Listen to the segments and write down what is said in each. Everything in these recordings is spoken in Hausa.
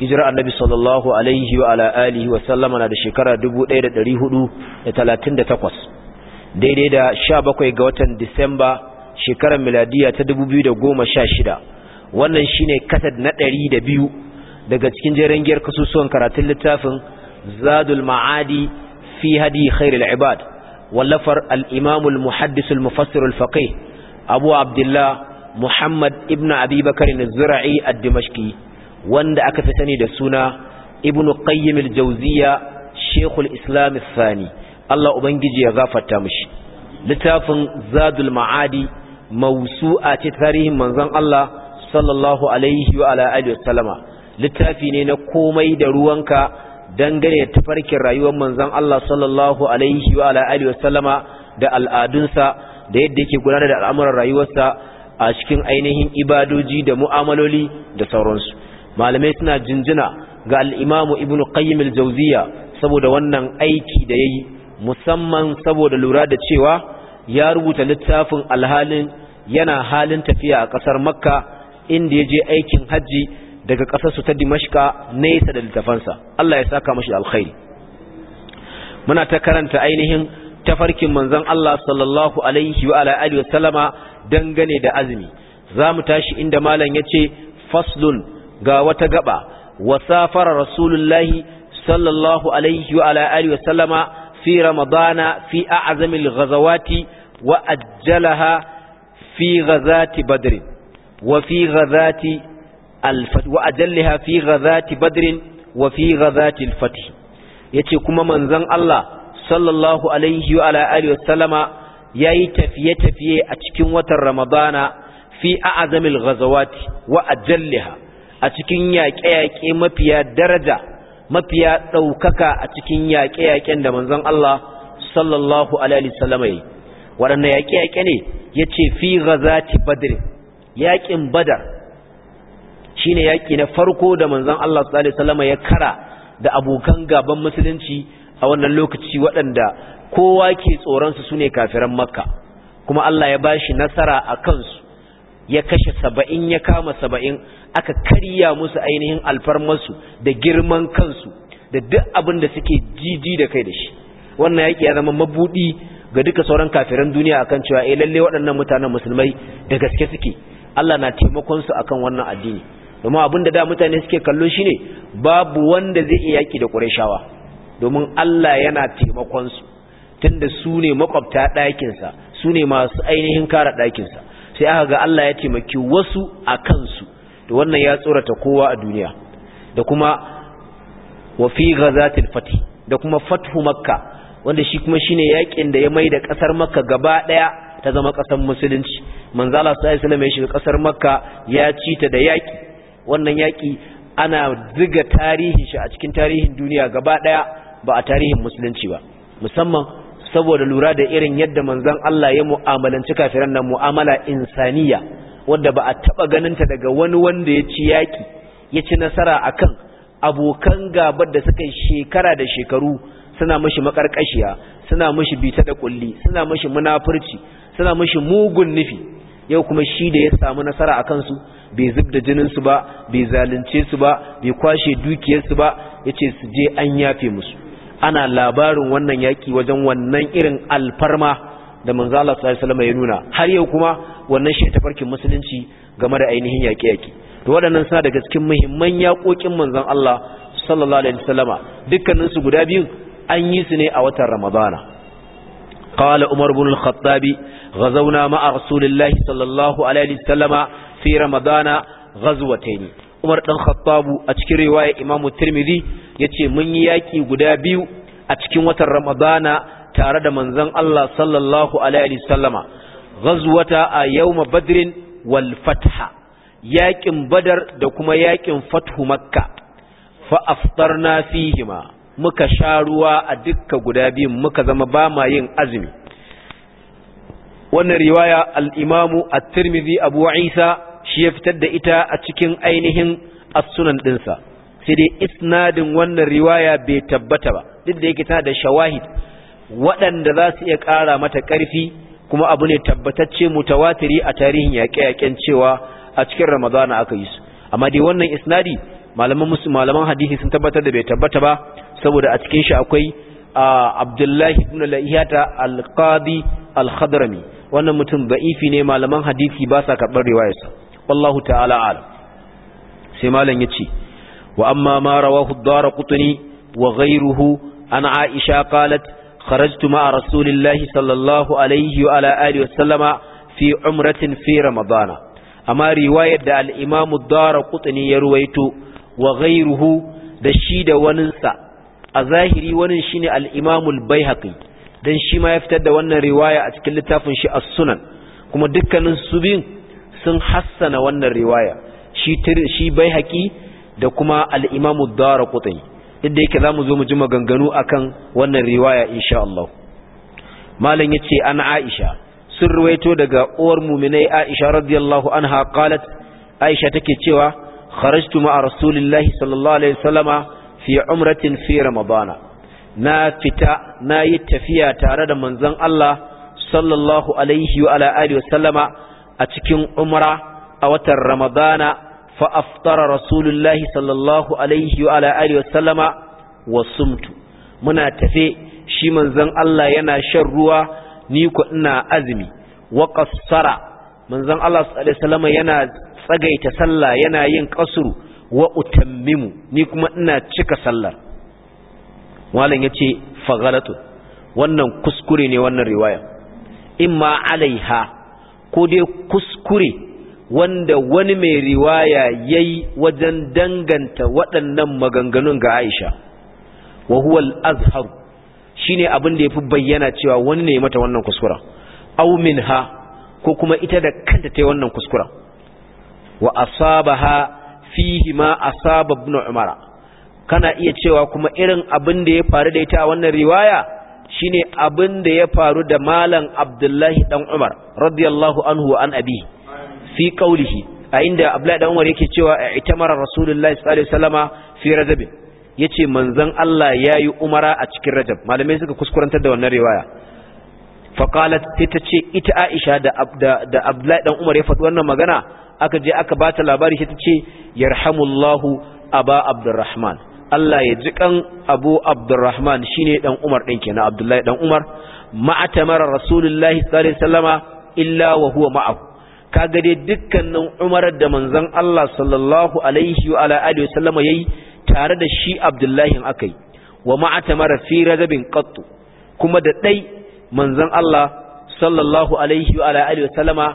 hijira annabi sallallahu alaihi wa ala alihi wa sallama na da shekara 1438 daidai da 17 ga watan Disamba shekarar miladiya ta 2016 wannan shine kasad na 102 daga cikin jerin giyar kasusuwan karatun littafin Zadul Ma'adi fi hadi khairul ibad wallafar al-Imam al-Muhaddis al-Mufassir al-Faqih Abu Abdullah Muhammad ibn Abi Bakr az-Zura'i ad-Dimashqi wanda aka fi sani da suna ibnu qayyim al-jawziya shaykhul islam al-thani Allah ubangiji ya gafarta mishi littafin zadul ma'adi mawsu'a ce tarihin manzon Allah sallallahu alaihi wa ala alihi wasallama littafi ne na komai da ruwanka dangane da tafarkin rayuwar manzon Allah sallallahu alaihi wa ala alihi wasallama da al'adunsa da yadda yake gudanar da al'amuran rayuwarsa a cikin ainihin ibadoji da mu'amaloli da sauransu malamai suna jinjina ga al'imamu ibn qayyim al-jawziya saboda wannan aiki da ya yi, musamman saboda lura da cewa ya rubuta littafin alhalin yana halin tafiya a ƙasar makka inda ya je aikin hajji daga ƙasarsu ta dimashka nesa da littafansa Allah ya saka mashi alkhairi muna ta karanta ainihin tafarkin manzon Allah sallallahu alaihi wa alihi wa sallama dangane da azumi zamu tashi inda malam ya ce faslun ga wata gaba wasafara rasulullahi sallallahu alaihi wa ala alihi wa fi ramadana fi a'zamil ghazawati wa ajjalaha fi ghazati badr wa fi ghazati al wa ajallaha fi ghazati badr wa fi ghazati al-fath yace kuma manzon Allah sallallahu alaihi wa ala alihi yayi tafiye-tafiye a cikin watan ramadana fi a'zamil ghazawati wa a cikin yaƙe-yaƙe mafiya daraja mafiya ɗaukaka a cikin yaƙe-yaƙen da manzon Allah sallallahu alaihi wasallam yi waɗanne yaƙe-yaƙe ne yace fi ghazati badr yaƙin badar shine yaƙi na farko da manzon Allah sallallahu alaihi wasallam ya kara da abokan gaban musulunci a wannan lokaci waɗanda kowa ke tsoron su sune kafiran makka kuma Allah ya bashi nasara a kansu ya kashe saba'in ya kama saba'in aka karya musu ainihin alfarmarsu da girman kansu da duk abin da suke jiji da kai da shi wannan yaƙi ya zama mabuɗi ga duka sauran kafiran duniya akan cewa eh lalle waɗannan mutanen musulmai da gaske suke Allah na taimakon su akan wannan addini domin abin da da mutane suke kallo shine babu wanda zai iya yaƙi da Qurayshawa domin Allah yana taimakon su tunda su ne makwabta ɗakinsa su ne masu ainihin kara ɗakinsa sai aka ga Allah ya taimaki wasu a kansu da wannan ya tsorata kowa a duniya da kuma wa fi ghazatil fati da kuma fathu makka wanda shi kuma shine yakin da ya mai da kasar makka gaba daya ta zama kasar musulunci manzo Allah sallallahu alaihi wasallam ya shiga kasar makka ya ci ta da yaki wannan yaki ana ziga tarihin shi a cikin tarihin duniya gaba daya ba a tarihin musulunci ba musamman saboda lura da irin yadda manzon Allah ya mu'amalanci kafiran nan mu'amala insaniya wanda ba a taba ganinta daga wani wanda ya ci yaƙi, ya ci nasara akan abokan gabar da suka shekara da shekaru suna mashi makarkashiya suna mashi bita da kulli suna mashi munafurci suna mashi mugun nufi yau kuma shi da ya samu nasara a kansu bai zub da jininsu ba bai zalunce su ba bai kwashe dukiyarsu ba yace su je an yafe musu ana labarin wannan yaki wajen wannan irin alfarma da manzo Allah sallallahu alaihi ya nuna har yau kuma wannan shi tafarkin musulunci game da ainihin yaki-yaki to waɗannan suna daga cikin muhimman yakokin manzon Allah sallallahu alaihi wasallama dukkanin su guda biyu an yi su ne a watan Ramadana qala Umar ibn al-Khattab غزونا مع رسول الله صلى الله عليه وسلم في Umar ɗan Khattabu a cikin riwaya Imam Tirmidhi yace mun yi yaki guda biyu a cikin watan Ramadana tare da manzon Allah sallallahu alaihi wasallama ghazwata a yawm badrin wal fatha yakin badar da kuma yakin fathu makka fa aftarna fihima muka sha ruwa a dukka guda biyun muka zama ba ma yin azumi wannan riwaya al-imamu at-tirmidhi abu isa shi ya fitar da ita a cikin ainihin as-sunan dinsa sai dai isnadin wannan riwaya bai tabbata ba duk da yake tana da shawahid waɗanda za su iya ƙara mata ƙarfi kuma abu ne tabbatacce mutawatiri a tarihin yaƙe-yaƙen cewa a cikin ramadana aka yi su amma dai wannan isnadi malaman malaman hadisi sun tabbatar da bai tabbata ba saboda a cikin shi akwai abdullahi ibn lahiyata al-qadi al wannan mutum da'ifi ne malaman hadisi ba sa karɓar riwayarsa wallahu ta'ala alam malam yace wa wa ghayruhu an aisha qalat kharajtu ma'a rasulillahi umratin fi ramadana riwayar da al ya ruwaito wa ghayruhu da zahiri wani shine dan ya fitar da wannan riwaya a cikin littafin shi as-sunan kuma dukkanin su sun hassana wannan riwaya shi shi baihaqi da kuma al-imamu ad inda duk da yake zamu zo mu ji maganganu akan wannan riwaya insha Allah malam yace an Aisha sun ruwaito daga uwar mu'minai Aisha radiyallahu an qalat Aisha take cewa kharajtu ma'a rasulillahi sallallahu alaihi wasallama fi umratin fi ramadana na fita na yi tafiya tare da manzon Allah sallallahu alaihi wa ala alihi a cikin umra a watan ramadana fa aftara rasulullahi sallallahu alaihi wa ala alihi sallama wa sumtu muna tafe shi manzon Allah yana shan ruwa ni ko ina azumi wa qassara manzon Allah sallallahu alaihi wasallama yana tsagaita sallah yana yin qasru wa utammimu ni kuma ina cika sallar malam yace fa ghalatu wannan kuskure ne wannan riwaya imma alaiha ko dai kuskure wanda wani mai riwaya ya yi wajen danganta waɗannan maganganun ga Aisha wa huwa al-azhar shine abin da yafi bayyana cewa wani ne mata wannan kuskura aw ha ko kuma ita da kanta ta yi wannan kuskura wa asabaha fihi ma asaba ibn umara kana iya cewa kuma irin abin da ya faru da ita a wannan riwaya shine abin da ya faru da malam Abdullahi dan Umar radiyallahu anhu an abi fi qawlihi a inda Abdullahi dan Umar yake cewa itamara Rasulullahi sallallahu alaihi wasallama fi Rajab yace manzon Allah yayi umara a cikin Rajab malamai suka kuskurantar da wannan riwaya fa qalat ce ita Aisha da da Abdullahi dan Umar ya faɗi wannan magana aka je aka bata labari ita ce yarhamullahu aba Abdurrahman Allah ya ji kan Abu Abdurrahman ne dan Umar ɗin kenan Abdullahi dan Umar ma'atamara Rasulullahi sallallahu alaihi wasallama illa wa huwa ma'ahu kaga dai dukkanin Umar da manzan Allah sallallahu alaihi wa ala alihi wasallama yayi tare da shi Abdullahi akai wa ma'atamara fi radabin qattu kuma da dai manzan Allah sallallahu alaihi wa ala alihi wasallama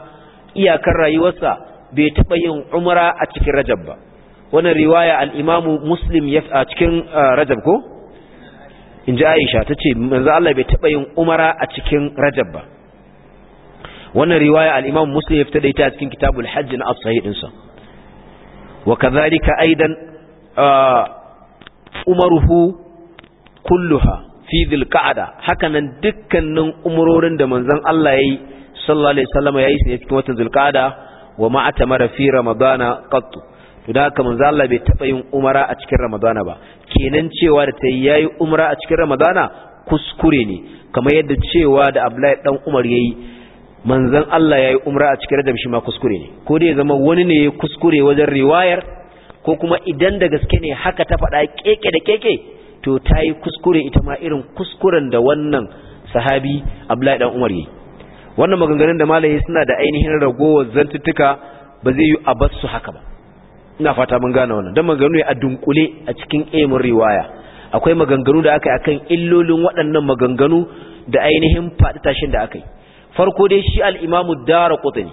iyakar rayuwarsa bai taɓa yin umara a cikin Rajab ba wannan riwaya al'imamu muslim a cikin uh, rajab ko in ji aisha ta ce manzo Allah bai taɓa yin umara a cikin rajab ba wannan riwaya al'imamu muslim ya fita da ita a cikin kitabu hajj na as-sahih dinsa wa kadhalika aidan uh, umaruhu kulluha fi dhil hakanan dukkanin umarorin da manzon Allah yayi sallallahu alaihi wasallam yi su ne cikin watan dhil wa ma atamara fi ramadana qattu to da haka manzo Allah bai taba yin umara a cikin ramadana ba kenan cewa da ta yayi umara a cikin ramadana kuskure ne kamar yadda cewa da Abdullahi dan Umar yayi manzon Allah yayi umra a cikin Rajab shi ma kuskure ne ko da ya zama wani ne kuskure wajen riwayar ko kuma idan da gaske ne haka ta faɗa keke da keke to ta yi kuskure ita ma irin kuskuren da wannan sahabi Abdullahi dan Umar yayi wannan maganganun da malai suna da ainihin ragowar zantuttuka ba zai yi a basu haka ba ina fata mun gane wannan dan maganganu ne a dunkule a cikin emin riwaya akwai maganganu da aka yi akan illolin waɗannan maganganu da ainihin faɗi tashin da aka yi farko dai shi al dara daraqutni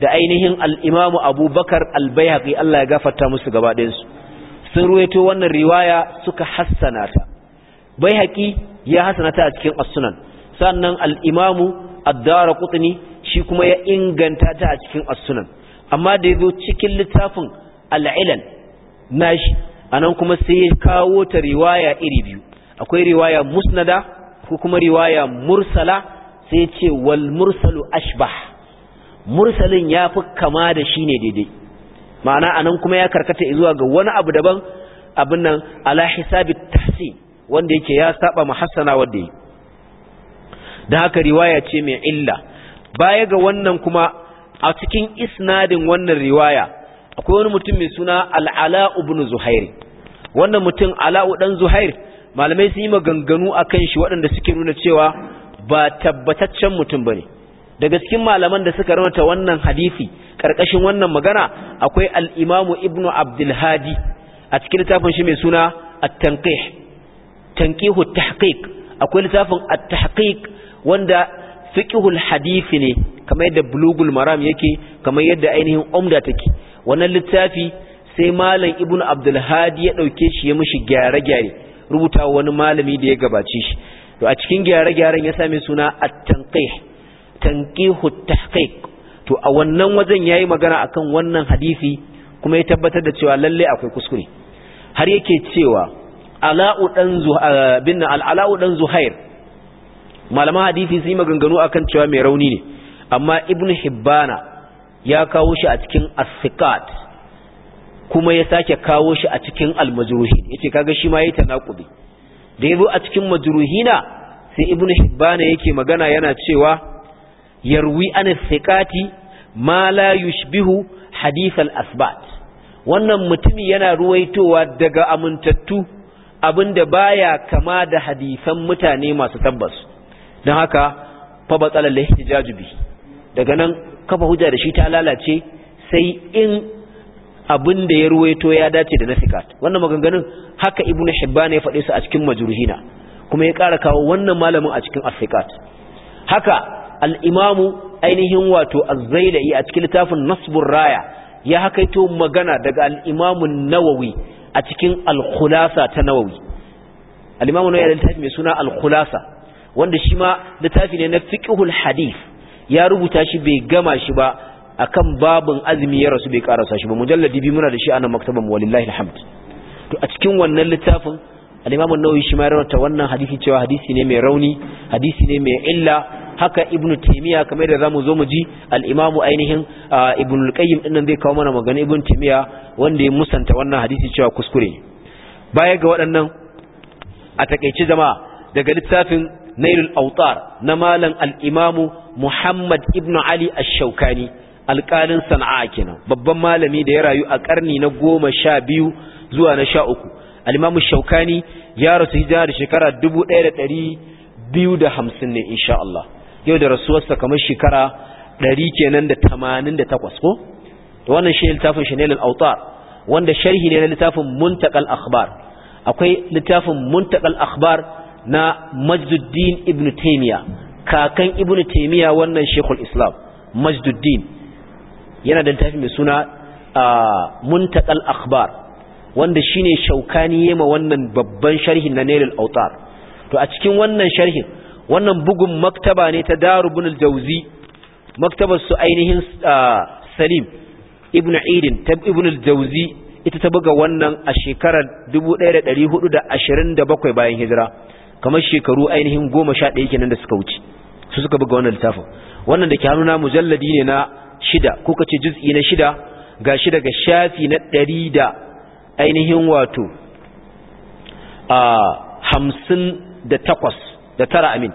da ainihin al'imamu abubakar al Allah ya gafarta musu gaba ɗayan sun ruwaito wannan riwaya suka hassana ta baihaqi ya hassana ta a cikin as-sunan sannan al-imamu ad-daraqutni shi kuma ya inganta ta a cikin as-sunan amma da yazo cikin littafin al'ilal nashi anan kuma sai ya kawo ta riwaya iri biyu akwai riwaya musnada ko kuma riwaya mursala sai ya ce wal mursalu ashbah mursalin ya fi kama da shi ne daidai ma'ana anan kuma ya karkata zuwa ga wani abu daban abin nan ala hisabi tafsi, wanda yake ya saba muhassana wanda yi da haka riwaya ce mai illa baya ga wannan kuma a cikin isnadin wannan riwaya akwai wani mutum mai suna al'ala ibn zuhairi wannan mutum ala'u Ɗan zuhair malamai sun yi maganganu akan shi waɗanda suke nuna cewa ba tabbataccen mutum ba ne. daga cikin malaman da suka ta wannan hadisi ƙarƙashin wannan magana akwai al-imam ibn abdul a cikin littafin shi mai suna at-tanqih akwai littafin at wanda fiqhul hadisi ne kamar yadda bulugul maram yake kamar yadda ainihin umda take wannan littafi sai malam ibn abdulhadi ya ɗauke shi ya mishi gyare-gyare rubuta wani malami da ya gabace shi to a cikin gyare-gyaren ya same suna at-tanqih tanqihu tahqiq to a wannan wajen yayi magana akan wannan hadisi kuma ya tabbatar da cewa lalle akwai kuskure har yake cewa ala'u dan eh, bin al'ala'u dan zuhair malaman hadisi sun yi maganganu akan cewa mai rauni ne amma Ibnu hibbana ya kawo shi a cikin asikat kuma ya sake kawo shi a cikin almajuruhi ya yace kaga shi ma ta naƙubi da ya zo a cikin majruhina sai ibn hibbana yake magana yana cewa yarwi an asikati ma la yushbihu hadith al-asbat wannan mutumi yana ruwaitowa daga amintattu abinda baya kama da hadisan mutane masu tabbas don haka fa batsala lahtijaju bi daga nan kafa hujja da shi ta lalace sai in abin da ya ruwaito ya dace da nasikat wannan maganganun haka ibn hibban ya faɗe su a cikin majruhina kuma ya ƙara kawo wannan malamin a cikin asikat haka al-imamu ainihin wato az-zailai a cikin littafin nasbur raya ya hakaito magana daga al-imamu nawawi a cikin al-khulasa ta nawawi al-imamu nawawi da littafi mai suna al-khulasa wanda shi ma littafi ne na fiqhul hadith ya rubuta shi bai gama shi ba akan babin azumi ya rasu bai karasa shi ba mujalladi bi muna da shi anan maktaban wallahi alhamd to a cikin wannan littafin al-imamu an-nawawi shi ma rawata wannan hadisi cewa hadisi ne mai rauni hadisi ne mai illa haka ibnu taymiya kamar da zamu zo mu ji al-imamu ainihin ibnu al-qayyim din nan zai kawo mana magana ibnu taymiya wanda ya musanta wannan hadisi cewa kuskure baya ga waɗannan a takeice jama'a daga littafin nailul autar na malam al-imamu muhammad ibnu ali Ashaukani, alƙalin sana'a kenan babban malami da ya rayu a ƙarni na goma sha biyu zuwa na sha uku alimamu shaukani ya rasu hijira da shekara dubu ɗaya da ɗari biyu da hamsin ne insha Allah yau da rasuwarsa kamar shekara ɗari kenan da tamanin da takwas ko to wannan shi littafin shanelin autar wanda sharhi ne na littafin muntakal akhbar akwai littafin muntakal akhbar na majduddin ibn taimiya kakan ibn taimiya wannan shekul islam majduddin yana da tafi mai suna muntakal akhbar wanda shine shaukani yema wannan babban sharhin na nailul autar to a cikin wannan sharhin wannan bugun maktaba ne ta darubun aljawzi maktabar su ainihin salim ibn idin ta ibn aljawzi ita ta buga wannan a shekarar 1427 bayan hijira kamar shekaru ainihin goma sha ɗaya kenan da suka wuce su suka buga wannan littafin wannan da ke na mujalladi ne na shida ko kace juz'i na shida ga shi daga shafi na ɗari da ainihin wato a hamsin da takwas da tara amin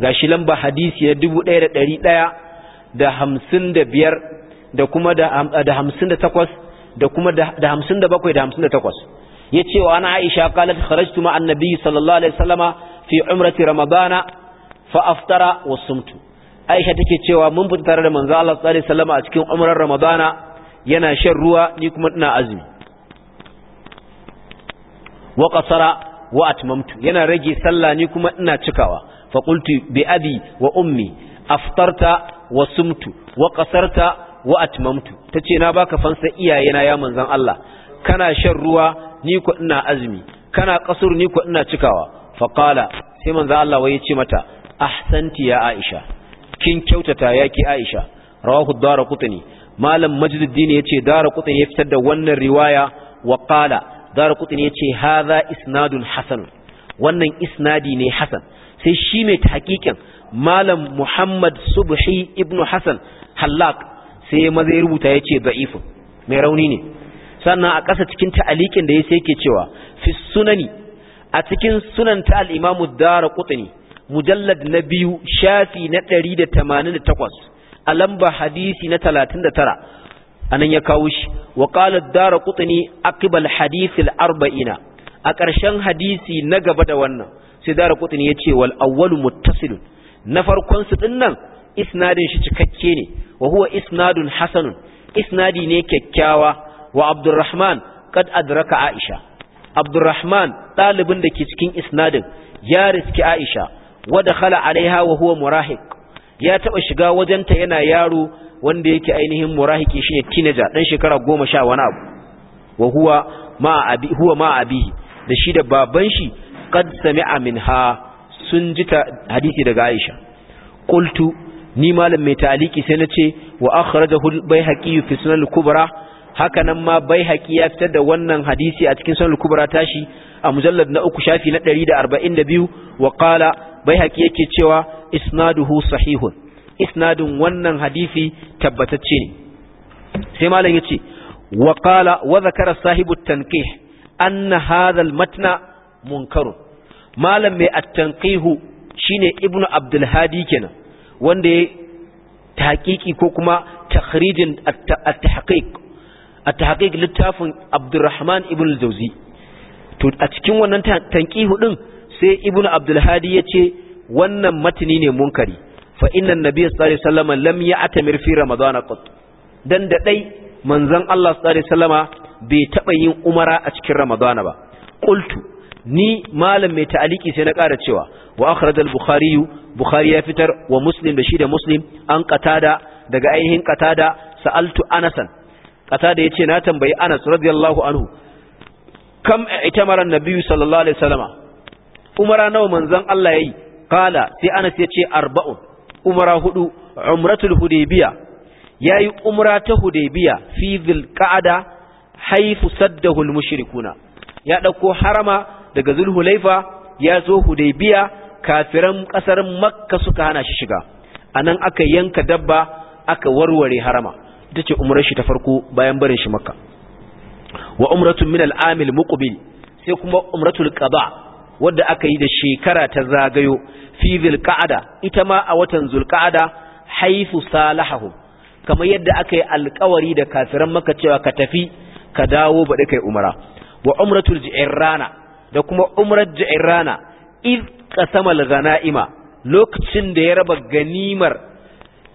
ga shi lamba hadisi na dubu ɗaya da ɗari ɗaya da hamsin da biyar da kuma da hamsin da takwas da kuma da hamsin da bakwai da hamsin da takwas ya ce wa ana aisha qalat kharajtu ma annabi sallallahu alaihi wasallama fi umrati ramadana fa aftara wa sumtu aisha take cewa mun fita tare da manzo Allah sallallahu alaihi wasallama a cikin umrar ramadana yana shan ruwa ni kuma ina azumi wa qasara wa atmamtu yana rage sallah ni kuma ina cikawa fa qultu bi abi wa ummi aftarta wa sumtu wa qasarta wa atmamtu tace na baka fansa iyayena ya manzon Allah kana shan ruwa ni ko ina azumi kana kasur ni ko ina cikawa fa sai manzo Allah wai yace mata ahsanti ya Aisha kin kyautata ki Aisha rawahu daraqutni malam majduddin yace daraqutni ya fitar da wannan riwaya wa qala daraqutni yace hadha isnadun hasan wannan isnadi ne hasan sai shi mai tahqiqin malam Muhammad Subhi ibn Hasan Hallaq sai maza ya rubuta yace da'ifun mai rauni ne sannan a ƙasa cikin ta'aliqin da sai ke cewa fi sunani a cikin sunan ta al-imamu darqutni mujallad na biyu shafi na takwas, a lamba hadisi na a nan ya kawo shi wa qala ad-darqutni aqbal hadith arbaina a ƙarshen hadisi na gaba da wannan sai ya ce wal awwalu muttasilun na farkon su dinnan isnadin shi cikakke ne wa huwa isnadun hasanun isnadi ne kyakkyawa wa abdurrahman kad adraka aisha abdurrahman ɗalibin da ke cikin isnadin ya riski aisha wada khala alaiha wa huwa murahik ya taɓa shiga wajenta yana yaro wanda yake ainihin murahiki shine teenager ɗan shekara goma sha wani abu wa huwa ma abihi da shi da baban shi qad sami'a minha sun ji hadisi daga Aisha Kultu ni malam mai taliki sai ce wa akhrajahu bai haƙi fi sunan kubra haka nan ma bai haƙi ya fitar da wannan hadisi a cikin sanar kubra tashi a mujallar na uku shafi na 142 wa qala bai haƙi yake cewa isnaduhu sahihun isnadun wannan hadisi tabbatacce ne sai malam yace wa qala wa zakara sahibu tanqih anna hadha matna munkaru malam mai at-tanqihu shine ibnu abdul hadi kenan wanda ya tahqiqi ko kuma takhrijin at-tahqiq a tahqiq littafin Abdulrahman ibn al to a cikin wannan tanqihu din sai Ibn Abdulhadi ya yace wannan matani ne munkari fa inna an-nabiy sallallahu alaihi wasallam lam ya'tamir fi ramadan qat dan da dai manzon Allah sallallahu alaihi bai taba yin umara a cikin ramadan ba qultu ni malam mai ta'aliki sai na ƙara cewa wa akhrajal bukhari bukhari ya fitar wa muslim da shi da muslim an qatada daga ainihin qatada sa'altu anasan kata da ya ce na tambayi Anas radiyallahu anhu kam mara Nabi, sallallahu alaihi wasallama umara nawa manzon Allah yayi qala sai Anas ya ce arba'un umara hudu umratul hudaybiya yayi umra ta hudaybiya fi dhilqa'da haifu saddahu mushrikuna ya dauko harama daga zulhulaifa ya zo hudaybiya kafiran kasar makka suka hana shi shiga anan aka yanka dabba aka warware harama ita ce umrar shi ta farko bayan barin shi makka wa umratun min al-amil muqbil sai kuma umratul qada wadda aka yi da shekara ta zagayo fi zulqa'ada ita ma a watan zulqa'ada haifu salahahu kamar yadda aka yi alkawari da kafiran maka cewa ka tafi ka dawo baɗi kai umara wa umratul ji'irrana da kuma umrar ji'irrana iz qasama al-ghanaima lokacin da ya raba ganimar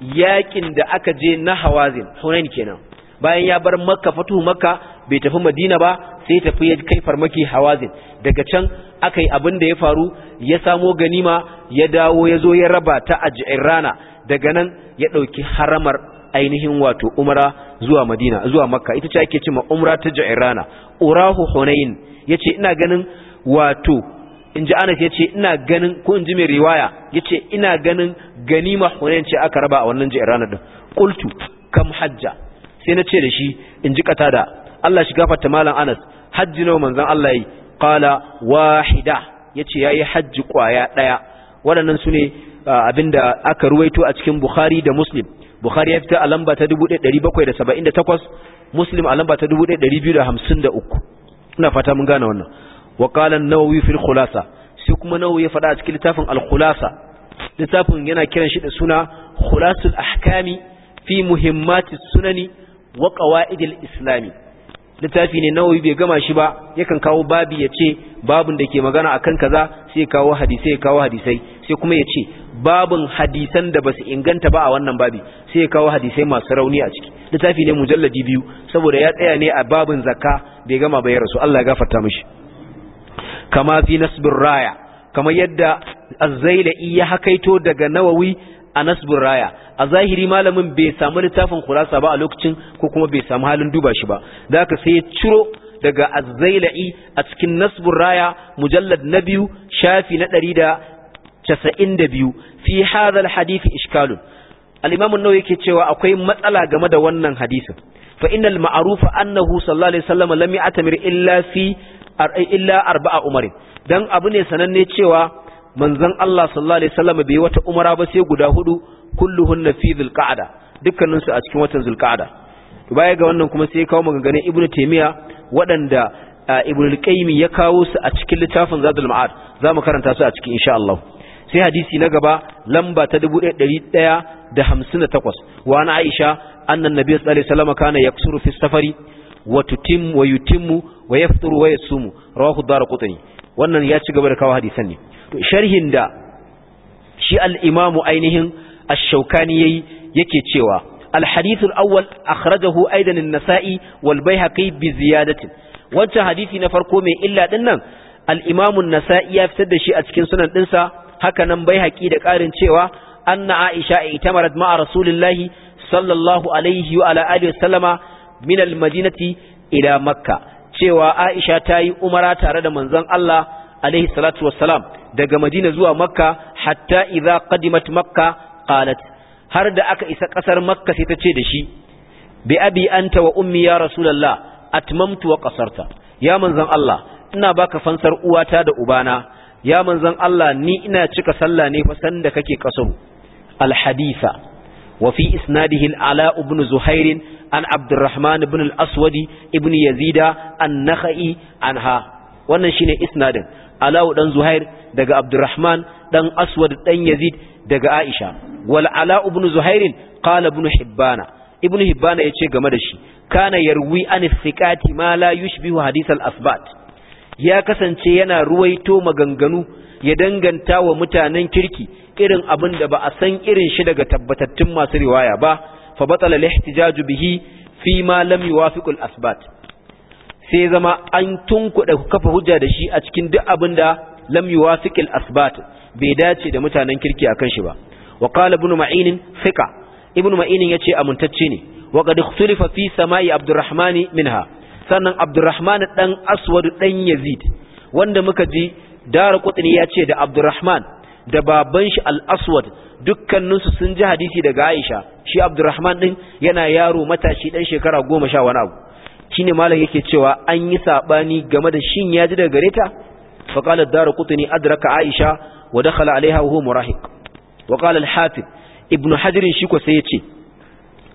yakin da aka je na hawazin hunain kenan bayan ya bar makka fatuhu makka bai tafi madina ba sai tafi ya kai farmaki hawazin daga can aka yi abin da ya faru ya samo ganima ya dawo ya zo ya raba ta a rana daga nan ya ɗauki haramar ainihin wato Umra zuwa madina zuwa makka ita ce ake cima umra ta rana urahu hunain ya ce ina ganin wato in ji anas ya ce ina ganin ko in ji mai riwaya ya ce ina ganin ganima hunayen ce aka raba a wannan jiran ranar da Kultu kam hajja sai na ce da shi in ji kata da Allah shi gafarta malam anas hajji nawa manzan Allah yi qala wahida ya ce ya yi hajji kwaya daya waɗannan su ne abinda aka ruwaito a cikin bukhari da muslim bukhari ya fita a lamba ta 1778 muslim a lamba ta 1253 ina fata mun gane wannan wa qala an-nawawi fil khulasa sai kuma nawawi faɗa a cikin littafin al-khulasa littafin yana kiran shi da suna khulasul ahkami fi muhimmatis sunani wa qawaidil islami littafi ne nawawi bai gama shi ba yakan kawo babu yace ce da ke magana akan kaza sai ya kawo hadisai ya kawo hadisai sai kuma ya ce babu hadisan da basu inganta ba a wannan babi sai ya kawo hadisai masu rauni a ciki littafi ne mujalladi biyu saboda ya tsaya ne a babun zakka bai gama ba ya Allah ya gafarta mishi kama fi nasbir raya kamar yadda az-zailai ya hakaito daga nawawi a nasbir raya a zahiri malamin bai samu littafin khulasa ba a lokacin ko kuma bai samu halin duba shi ba zaka sai ciro daga az-zailai a cikin nasbir raya mujallad na biyu shafi na 192 da hadha al-hadith ishkalun al-imam an nawa yake cewa akwai matsala game da wannan hadisin fa innal ma'rufa annahu sallallahu alaihi wasallam lam ya'tamir illa fi illa arba'a umarin dan abu ne sananne cewa manzon Allah sallallahu alaihi wasallam bai wata umara ba sai guda hudu kulluhunna fi zulqa'da dukkanin su a cikin watan zulqa'da to baya ga wannan kuma sai kawo maganganun ibnu taymiya waɗanda ibnu qayyim ya kawo su a cikin littafin zadul ma'ad zamu karanta su a cikin insha Allah sai hadisi na gaba lamba ta 1158 wa na Aisha annan nabiy sallallahu alaihi wasallam kana yaksuru fi safari وتتم ويتم ويفطر ويصوم رواه الدارقطني wannan ya ci gaba da kawo hadisan ne sharhin da shi al'imamu ainihin ash-shawkani yayi yake cewa al-hadith al-awwal akhrajahu aidan nasai wal bayhaqi bi ziyadatin wancan hadisi na farko mai illa ɗinnan nan al-imamu nasai ya fitar da shi a cikin sunan dinsa haka nan da karin cewa anna aisha ay tamarat ma'a rasulillahi sallallahu alaihi wa sallama min al ila makka cewa aisha ta yi umara tare da manzon Allah alaihi salatu wassalam daga madina zuwa makka hatta idza qadimat makka qalat har da aka isa kasar makka sai ta ce da shi bi abi anta wa ummi ya rasulullah atmamtu wa qasarta ya manzon Allah ina baka fansar uwata da ubana ya manzon Allah ni ina cika sallah ne fa sanda kake kasaru al haditha wa fi isnadihi al ala ibn Zuhairin. an abdurrahman ibn al-aswadi ibn yazida an-nakhai anha wannan shine isnadin ala'u dan zuhair daga abdurrahman dan aswad dan yazid daga aisha wal ala ibn Zuhair qala ibn hibbana ibn hibbana yace game da shi kana yarwi an thiqati ma la yushbihu hadith al asbat ya kasance yana ruwaito maganganu ya danganta wa mutanen kirki irin abin da ba a san irin shi daga tabbatattun masu riwaya ba fa batala lihtijaju bihi fi ma lam yuwafiqu al sai zama an tunkuɗa kafa hujja da shi a cikin duk abinda lam yuwafiqu al-asbat bai dace da mutanen kirki akan shi ba wa qala ibn ma'in fiqa ibn ma'in yace amuntacce ne wa qad ikhtalifa fi sama'i abdurrahmani minha sannan abdurrahman dan aswad dan yazid wanda muka ji dara kutni yace da abdurrahman da baban shi al-aswad dukkaninsu sun ji hadisi daga Aisha shi abdulrahman din yana yaro matashi dan shekara goma sha wani abu shine malam yake cewa an yi sabani game da shin ya ji daga gare ta fa qala ad-darqutni adraka Aisha wa dakhala alaiha wa huwa murahiq wa qala al-hafiz ibn hajar shi ko sai yace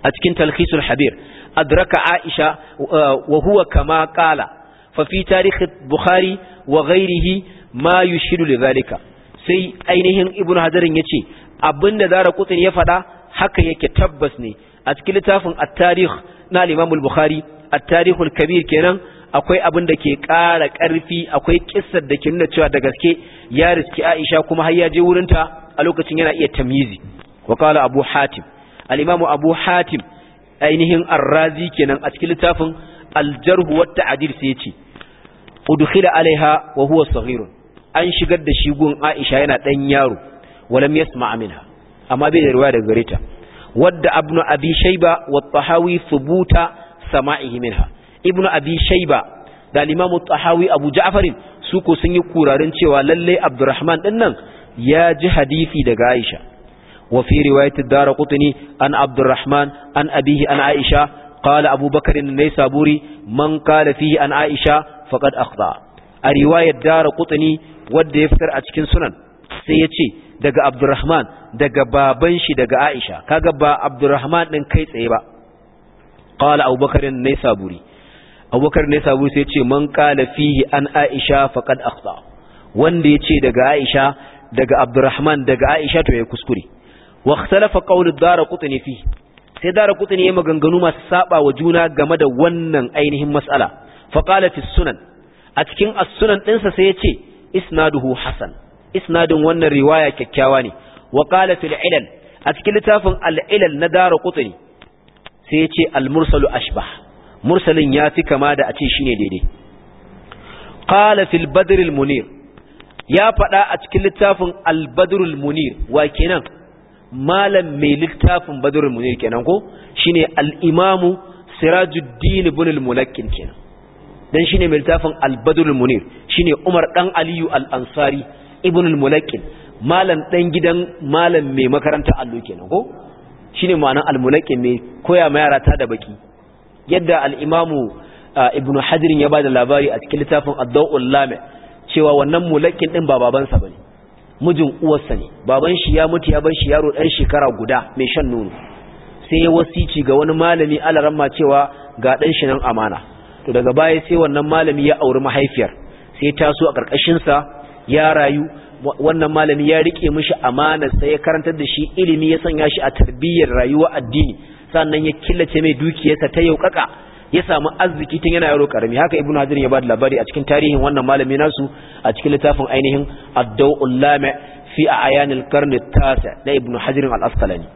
a cikin talkhisul habir adraka Aisha wa huwa kama qala fa fi tarikh bukhari wa gairihi ma yushiru li dhalika sai ainihin ibn hajarin yace abinda zara kutsin ya faɗa haka yake tabbas ne a cikin littafin at-tarikh na Limamul imam al-bukhari at kabir kenan akwai abin da ke ƙara ƙarfi akwai kissar da ke nuna cewa da gaske ya riski Aisha kuma har ya je wurinta a lokacin yana iya tamyizi wa qala abu hatim al-imam abu hatim ainihin ar kenan a cikin littafin al-jarh wa at-ta'dil sai yace udkhila alaiha wa huwa saghir an shigar da shi gun Aisha yana dan yaro walam yasma minha amma bai da riwaya daga gareta wadda ibnu abi shayba wa tahawi thubuta sama'ihi minha ibnu abi shayba da imamu tahawi abu ja'far su ko sun yi kurarin cewa lallai abdurrahman din nan ya ji hadisi daga aisha wa fi riwayat ad-darqutni an abdurrahman an abihi an aisha qala abubakar an-naysaburi man qala fihi an aisha faqad akhta a riwayar darqutni wanda ya fitar a cikin sunan sai ya ce daga Abdurrahman daga baban shi daga Aisha kaga ba Abdurrahman din kai tsaye ba qala Abubakar Bakar ne saburi Abubakar ne saburi sai ce man qala fihi an Aisha faqad akhta wanda yace daga Aisha daga Abdurrahman daga Aisha to ya kuskure wa ikhtalafa qawlu Daraqutni fi sai Daraqutni ya maganganu masu saba wa juna game da wannan ainihin mas'ala faqala fi sunan a cikin as-sunan dinsa sai yace isnaduhu hasan isnadin wannan riwaya kyakkyawa ne wa qala fil ilal a cikin littafin al ilal na daru qutni sai yace al mursalu ashbah mursalin ya fi kama da a ce shine daidai qala fil badr al munir ya faɗa a cikin littafin al badr al munir wa kenan malam mai littafin badr al munir kenan ko shine al imamu sirajuddin ibn al mulakkin kenan dan shine mai littafin al badr al munir shine umar dan aliyu al ansari ibn al mulakin malam dan gidan malam mai makaranta allo kenan ko shine ma'anan al mulakin ne koya ma yara ta da baki yadda al-imamu ibn hajar ya bada labari a cikin littafin ad-dawul cewa wannan mulakin din ba babansa bane mijin uwarsa ne baban shi ya mutu ya bar shi yaro dan shekara guda mai shan nono sai ya wasici ga wani malami alaramma cewa ga dan shi nan amana to daga baya sai wannan malami ya auri mahaifiyar sai ta so a karkashin sa ya rayu wannan malami ya rike mishi amana sai ya karantar da shi ilimi ya sanya shi a tarbiyyar rayuwa addini sannan ya killace mai dukiyarsa ta yaukaka ya samu arziki tun yana yaro karami haka ibnu hajar ya bada labari a cikin tarihin wannan malami nasu a cikin littafin ainihin ad-daw'ul lami fi al qarn at-tasi da ibnu hajar al-asqalani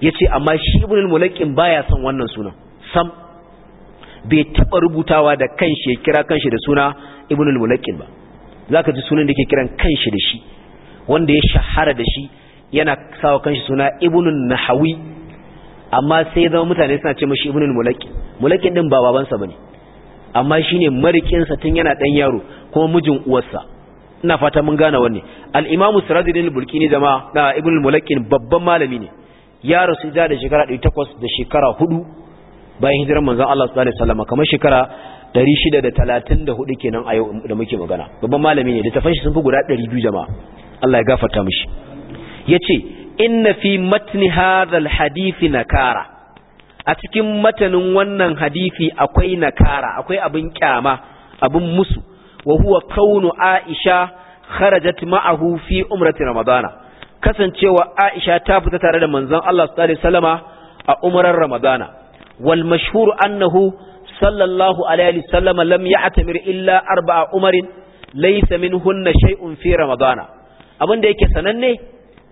yace amma shi ibnu al-mulaqin baya son wannan sunan sam bai taba rubutawa da kanshi ya kira kanshi da suna ibnu al-mulaqin ba zaka ji sunan da yake kiran kanshi da shi wanda ya shahara da shi yana sawa kanshi suna ibnun nahawi amma sai ya zama mutane suna ce mashi ibnun mulaki mulakin din ba babansa bane amma shine marikin sa tun yana dan yaro kuma mijin uwarsa ina fata mun gane wannan al-imamu al bulkini jama'a da ibnul mulakin babban malami ne ya rasu da shekara 800 da shekara 4 bayan hijirar manzon Allah sallallahu alaihi wasallam kamar shekara 634 kenan a yau da muke magana babban malami ne ta shi sun fi guda 200 jama'a Allah ya gafarta mishi yace inna fi matni hadhal alhadith nakara a cikin matanin wannan hadisi akwai nakara akwai abin kyama abin musu wa huwa kaunu aisha kharajat ma'ahu fi umrati ramadana kasancewa aisha ta fita tare da manzon Allah sallallahu alaihi wasallama a umrar ramadana wal mashhur annahu sallallahu alaihi wasallam lam ya'tamir illa arba'a umarin laysa minhunna shay'un fi ramadana abin da yake sananne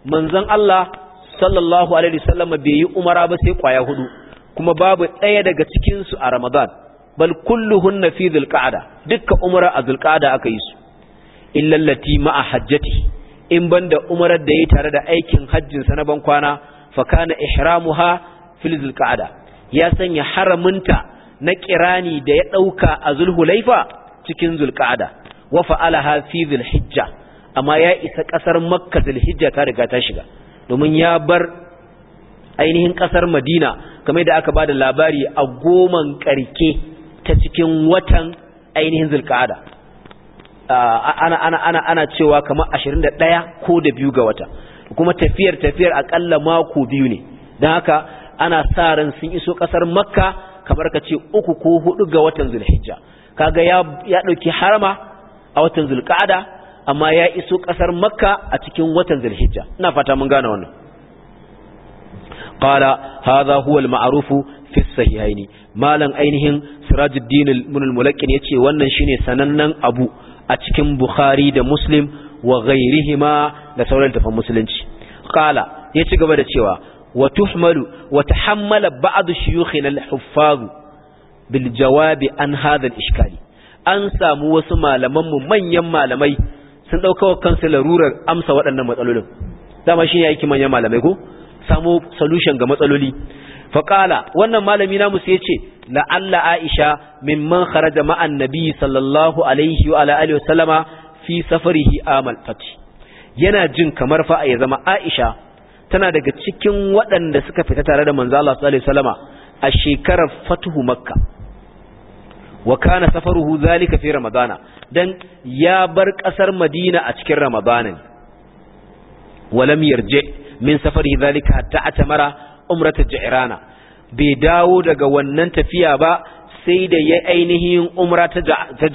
manzon Allah sallallahu bai yi umara ba sai kwaya hudu kuma babu ɗaya daga cikin su a ramadan bal kulluhunna fi dhulqa'da dukkan umara a dhulqa'da aka yi su illa allati ma'a hajjati in banda umarar da yi tare da aikin hajjin sa na ban kwana fa ihramu ihramuha fil dhulqa'da ya sanya haraminta na kirani da ya ɗauka a zulhulaifa cikin zulƙada wa fa'alaha fi zulhijja amma ya isa ƙasar makka zulhijja ta riga ta shiga domin ya bar ainihin ƙasar madina kamar da aka bada labari a goman ƙarke ta cikin watan ainihin zulƙada ana, ana, ana, ana cewa kamar ashirin da ɗaya ko da biyu ga wata kuma tafiyar tafiyar aƙalla mako biyu ne don haka ana sa ran sun iso ƙasar makka kamar ka ce uku ko hudu ga watan zulhijja kaga ya ya dauki harama a watan zulqa'ada amma ya iso kasar makka a cikin watan zulhijja ina fata mun gane wannan qala hadha huwa al-ma'ruf fi as-sahihayn malan ainihin sirajuddin ibn al-mulakin yace wannan shine sanannen abu a cikin bukhari da muslim wa ghairihima da sauran tafan musulunci qala ya ci gaba da cewa wa tuhmalu wa tahammala ba'd shuyukhina na huffaz bil jawabi an hadha al an samu wasu malaman mu manyan malamai sun ɗaukawa kansu larurar amsa waɗannan matsalolin dama shine yake manyan malamai ko samu solution ga matsaloli faƙala wannan malami namu sai ce la'alla aisha mimman kharaja ma'an nabi sallallahu alaihi wa alihi wasallama fi safarihi amal fati yana jin kamar fa'a ya zama aisha tana daga cikin waɗanda suka fita tare da manzo Allah sallallahu alaihi wasallama a shekarar fatuhu makka wa kana safaruhu zalika fi ramadana dan ya bar kasar madina a cikin ramadana walam yarji min safarihi zalika hatta atamara umrat ji'rana bai dawo daga wannan tafiya ba sai da ya ainihin umra ta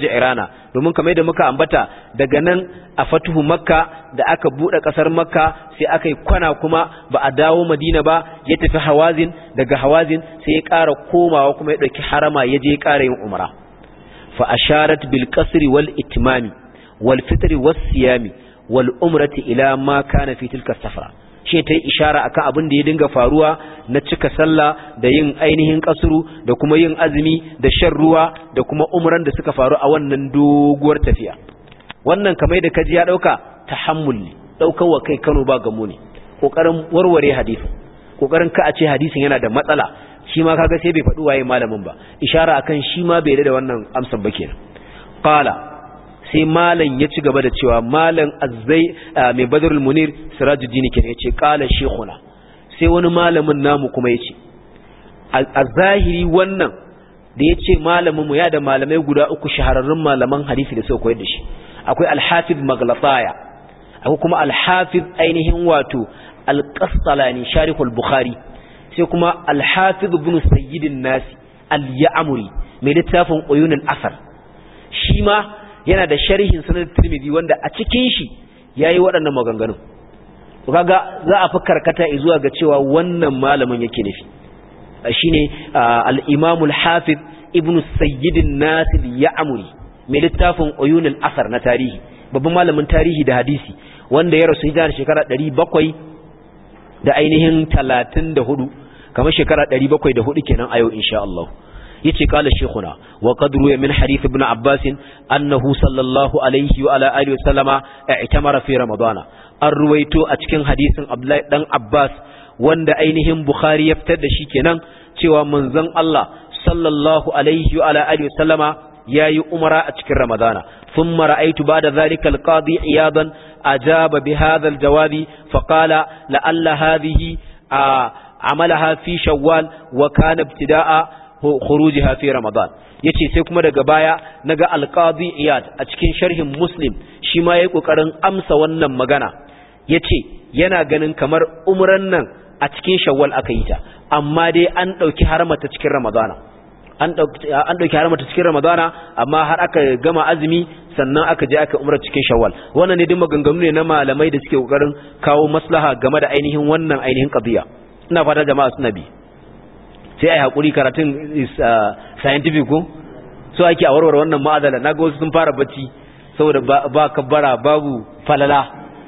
ja'irana domin kamar da muka ambata daga nan a fatuhu makka da aka buɗe ƙasar makka sai aka yi kwana kuma ba a dawo madina ba ya tafi hawazin daga hawazin sai ya ƙara komawa kuma ya ɗauki harama ya je ƙara yin umra fa asharat bil qasri wal itmami wal fitri was siyami wal umrati ila ma kana fi tilka safara shi ta yi ishara akan abin da ya dinga faruwa na cika sallah da yin ainihin kasuru da kuma yin azumi da shan ruwa da kuma umran da suka faru a wannan doguwar tafiya wannan kamar da kaji ya dauka tahammul ne daukar wa kai Kano ba gamo ne kokarin warware hadisi kokarin ka a ce hadisin yana da matsala shi ma kaga sai bai faɗi waye malamin ba ishara akan shi ma bai da wannan amsar ba kenan qala sai malam ya ci gaba da cewa malam azzai eh, mai badrul munir sirajuddin kenan yace qala shaykhuna sai wani malamin namu kuma ya ce a zahiri wannan da ya ce malamin mu ya da malamai guda uku shahararrun malaman hadisi da suka da shi akwai alhafiz maglataya akwai kuma alhafiz ainihin wato alƙastalani sharihul bukhari sai kuma alhafiz bin sayyidin nasi alya'amuri mai littafin uyunul asar shi ma yana da sharhin sanar tirmidhi wanda a cikin shi ya yi waɗannan maganganu. to kaga za a fi karkata zuwa ga cewa wannan malamin yake nufi shine al-Imam al-Hafiz Ibn Sayyid an-Nas al-Ya'muri mai littafin Uyun al-Asar na tarihi babban malamin tarihi da hadisi wanda ya rasu hijira shekara 700 da ainihin talatin da hudu, kamar shekara ɗari da hudu kenan a yau insha Allah yace kala shekuna wa qad ruya min hadith ibn abbas annahu sallallahu alaihi wa ala alihi wasallama i'tamara fi ramadana an ruwaito a cikin hadisin abdullahi dan abbas wanda ainihin bukhari ya fitar da shi kenan cewa manzon Allah sallallahu alaihi wa ala alihi wasallama yayi umara a cikin ramadana thumma ra'aytu ba'da dhalika al-qadi iyadan ajaba bi hadha al-jawabi fa qala la'alla hadhihi amalaha fi shawwal wa kana ibtida'a khurujiha fi ramadan yace sai kuma daga baya naga alqadi iyad a cikin sharhin muslim shi ma yayi kokarin amsa wannan magana yace yana ganin kamar umran nan a cikin shawwal aka yi ta amma dai an dauki haramata cikin ramadana an dauki haramata cikin ramadana amma har aka gama azumi sannan aka je aka umra cikin shawwal wannan ne duk maganganu ne na malamai da suke kokarin kawo maslaha game da ainihin wannan ainihin qadiya ina fata jama'a suna bi sai a yi haƙuri karatun uh, scientific ko so ake a warware wannan ma'adala na ga wasu sun fara bacci saboda ba kabbara babu falala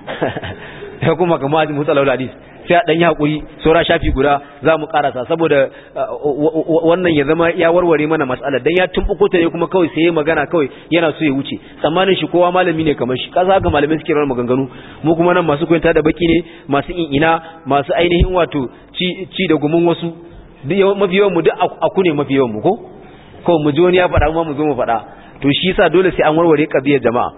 ya kuma kama ajin mutu alawar hadis sai a ɗanyi haƙuri saura shafi guda za mu ƙarasa saboda uh, wannan ya zama ya warware mana matsala don ya tumɓuko ta ne kuma kawai sai magana kawai yana so ya wuce tsammanin shi kowa malami ne kamar shi ƙasa haka malamai suke rana maganganu mu kuma nan masu kwanta da baki ne masu in'ina masu ainihin wato ci da gumin wasu duk mafi yawan mu duk aku ne mafi yawan mu ko ko mu ji wani ya faɗa kuma mu zo mu faɗa to shi yasa dole sai an warware kabiyar jama'a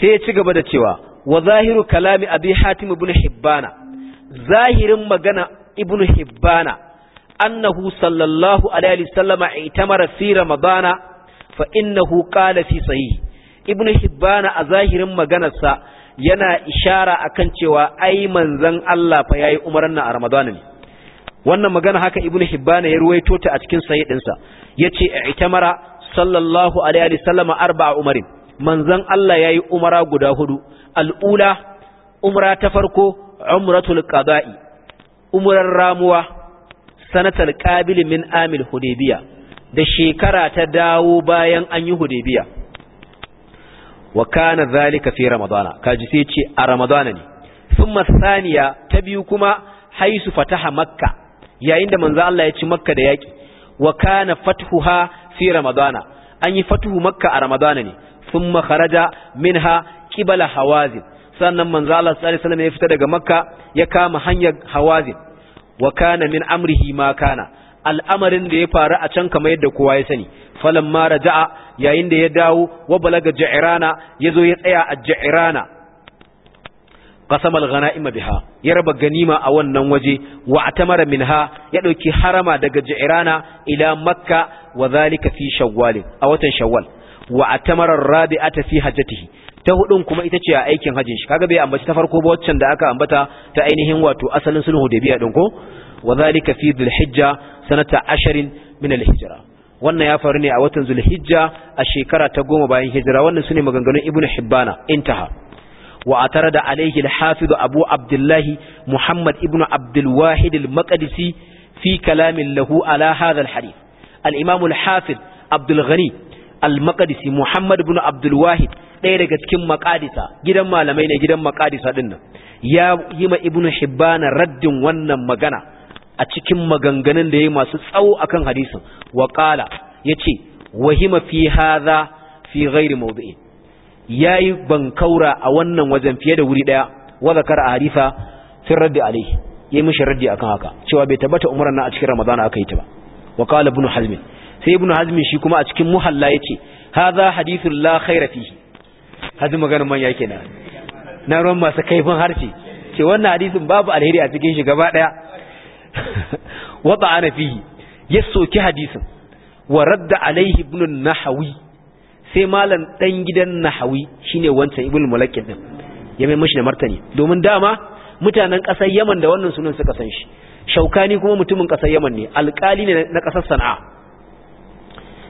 sai ya ci gaba da cewa wa zahiru kalami abi hatim ibn hibbana zahirin magana ibn hibbana annahu sallallahu alaihi wasallama itamara fi ramadana fa innahu qala fi sahih ibn hibbana a zahirin maganar sa yana ishara akan cewa ai manzon Allah fa yayi umaran na a ramadana ne wannan magana haka ibnu hibban ya ruwaito ta a cikin sahih dinsa yace i'tamara sallallahu alaihi wasallama arba'a umarin manzon Allah yayi umara guda hudu al'ula umra ta farko umratul qada'i umrar ramuwa sanatal qabil min amil hudaybiya da shekara ta dawo bayan an yi hudaybiya wa kana zalika fi ramadana kaji sai ce a ramadana ne thumma thaniya ta biyu kuma haisu fataha makka yayin da manzo Allah ya ci makka da yaki wa kana fathuha fi ramadana an yi fathu makka a ramadana ne thumma kharaja minha qibala hawazin sannan manzo Allah sallallahu alaihi wasallam ya fita daga makka ya kama hanyar hawazin wa kana min amrihi ma kana al'amarin da ya faru a can kamar yadda kowa ya sani falamma raja'a yayin da ya dawo wa balaga ja'irana yazo ya tsaya a ja'irana qasamal ghanaima biha ya raba ganima a wannan waje wa atamara minha ya dauki harama daga jirana ila makka wa zalika fi shawwal a watan shawwal wa atamara rabi'ata fi hajjatihi ta hudun kuma ita ce a aikin hajjin shi kaga bai ambaci ta farko ba waccan da aka ambata ta ainihin wato asalin sulhu da biya din ko wa zalika fi dhulhijja sanata 10 min alhijra wannan ya faru ne a watan zulhijja a shekara ta goma bayan hijira wannan sune maganganun ibnu hibbana intaha واعترض عليه الحافظ أبو عبد الله محمد ابن عبد الواحد المقدسي في كلام له على هذا الحديث الإمام الحافظ عبد الغني المقدسي محمد بن عبد الواحد ɗaya daga cikin makadisa gidan malamai ne gidan makadisa ɗin nan ya yi ma ibnu hibbana raddin wannan magana a cikin maganganun da ya masu tsawo akan hadisin wa qala yace wahima fi hadha fi ghairi mawdu'in yayi bankaura a wannan wajen fiye da wuri daya wa a harifa fi raddi alayhi yayi mishi raddi akan haka cewa bai tabbata umran na a cikin ramadana aka yi ta ba wa qala ibn hazmin sai ibn hazmin shi kuma a cikin muhalla yace hadha hadithul la khaira fihi hazm maganin man yake na na ruwan masu kaifin harshe ce wannan hadisin babu alheri a cikin shi gaba daya wa ba'ana fihi ya soki hadisin wa radda alaihi ibn nahawi sai malam dan gidan nahawi shine wancan ibn mulakin din ya mai mishi da martani domin dama mutanen kasar yaman da wannan sunan suka san shi shaukani kuma mutumin kasar yaman ne alkali ne na kasar sana'a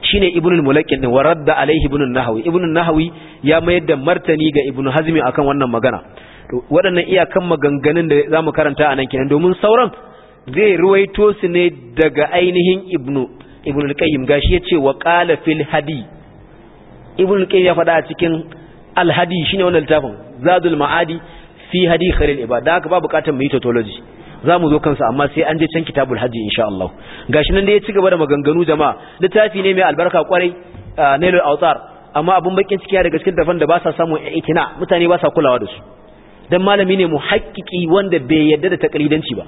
shine ibn mulakin din waradda alaihi ibn nahawi ibn nahawi ya mayar da martani ga ibn hazmi akan wannan magana waɗannan iyakan maganganun da zamu karanta a nan kenan domin sauran zai ruwaito su ne daga ainihin ibn ibn al-qayyim gashi yace wa qala fil hadith ibn qayyim ya faɗa a cikin al-hadi shine wannan littafin zadul ma'adi fi hadi khairil ibad da haka ba bukatar mu yi tautology zamu zo kansa amma sai an je can kitabul hajji insha Allah gashi nan da ya ci gaba da maganganu jama'a littafi ne mai albarka kwarai nailul awtar amma abun bakin ciki daga cikin dafan da ba sa samu ikina mutane ba sa kulawa da su dan malami ne muhakkiki wanda bai yarda da takalidanci ba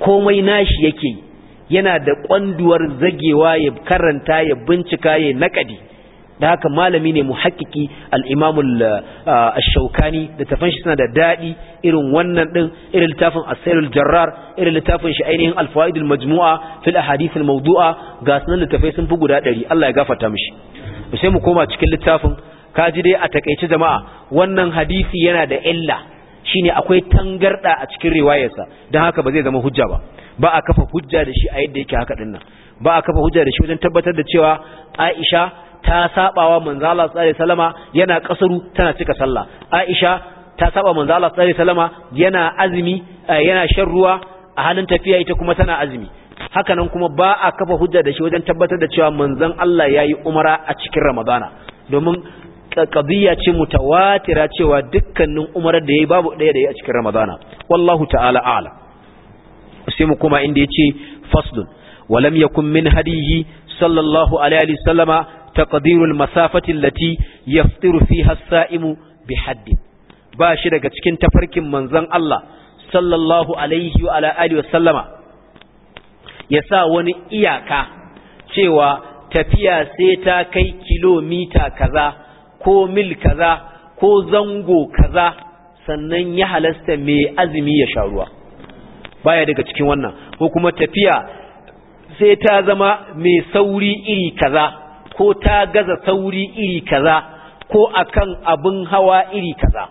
komai nashi yake yana da kwanduwar zagewa ya karanta ya bincika ya nakadi da haka malami ne muhakkiki al uh, shaukani al-Shawkani shi suna da daɗi irin wannan din irin littafin as Jarrar irin littafin shi ainihin al majmua fil Ahadith al-Mawdu'a ga sunan littafai sun fi guda ɗari Allah ya gafarta mishi sai mu koma cikin littafin kaji dai a takaice jama'a wannan hadisi yana da illa shine akwai tangarda a cikin riwayarsa don haka ba zai zama hujja ba ba a kafa hujja da shi a yadda yake haka dinnan ba a kafa hujja da shi wajen tabbatar da cewa Aisha ta sabawa manzo Allah sallallahu alaihi wasallama yana kasaru tana cika sallah Aisha ta saba manzo Allah sallallahu alaihi wasallama yana azumi yana shan ruwa a halin tafiya ita kuma tana azumi Hakanan kuma ba a kafa hujja da shi wajen tabbatar da cewa manzon Allah yayi umara a cikin Ramadana domin qadiyya ce mutawatira cewa dukkanin umarar da yayi babu daya da yayi a cikin Ramadana wallahu ta'ala a'lam sai mu kuma inda yace faslun wa lam yakun min صلى sallallahu alaihi wasallama taqdirul masafati allati yaftiru fiha as-sa'imu bihaddi ba shi daga cikin tafarkin manzon Allah sallallahu alaihi wa ala alihi wa sallama ya sa wani iyaka cewa tafiya sai ta kai kilomita kaza ko mil kaza ko zango kaza sannan ya halasta mai azumi ya sha ruwa baya daga cikin wannan ko kuma tafiya sai ta zama mai sauri iri kaza ko ta gaza sauri iri kaza ko akan abin hawa iri kaza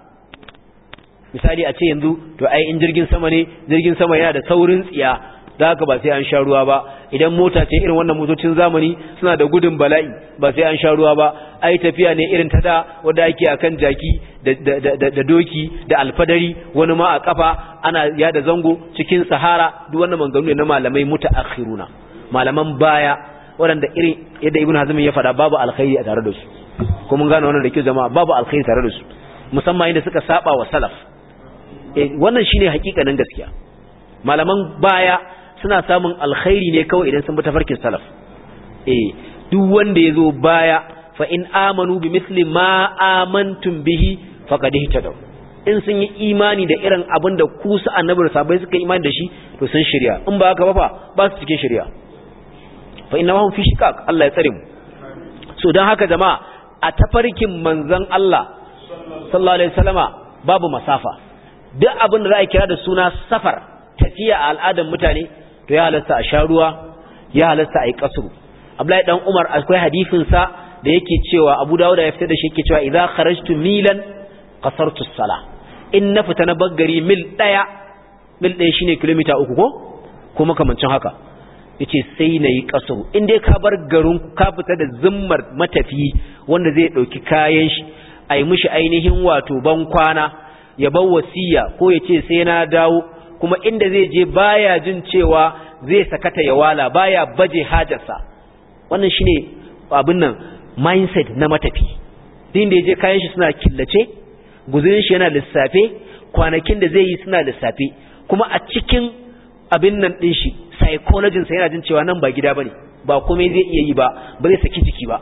misali a ce yanzu to ai in jirgin sama ne jirgin sama yana da saurin tsiya da haka ba sai an sha ruwa ba idan mota ce irin wannan motocin zamani suna da gudun bala'i ba sai an sha ruwa ba ai tafiya ne irin ta da wanda ake akan jaki da doki da alfadari wani ma a kafa ana yada zango cikin sahara duk wannan manzanni ne na malamai mutaakhiruna malaman baya waɗanda irin yadda ibn hazm ya faɗa babu alkhairi a tare da su ko mun gane wannan da ke jama'a babu alkhairi tare da su musamman inda suka saba wa salaf eh, wannan shine hakikanin gaskiya malaman baya suna samun alkhairi ne kawai idan sun bi tafarkin salaf eh duk wanda yazo baya fa in amanu bi mithli ma amantum bihi faqad ihtadaw in sun yi imani da irin abin da ku su annabi da sabai suka imani da shi to sun shirya in ba haka ba ba su cikin shirya fa inna hum fi shiqaq Allah ya tsare mu so dan haka jama'a a tafarkin manzon Allah sallallahu alaihi wasallama babu masafa duk abin da za a kira da suna safar tafiya a al'adar mutane to ya halasta a sha ruwa ya halasta a yi kasuru abdullahi dan umar akwai hadisin sa da yake cewa abu dawuda ya fitar da shi yake cewa idza kharajtu milan qasartu sala in na fita na baggari mil daya mil daya shine kilomita uku ko ko makamancin haka yace sai na yi ƙasau in dai ka bar garin ka fita da zimmar matafi wanda zai ɗauki kayan shi a yi mishi ainihin wato ban kwana ya bar wasiya ko yace sai na dawo kuma inda zai je baya jin cewa zai sakata ya wala baya baje hajarsa wannan shine abin nan mindset na matafi din da ya kayan shi suna killace guzurin shi yana lissafe kwanakin da zai yi suna lissafe kuma a cikin abin nan din shi psychology sai yana jin cewa nan ba gida bane ba komai zai iya yi ba ba zai saki jiki ba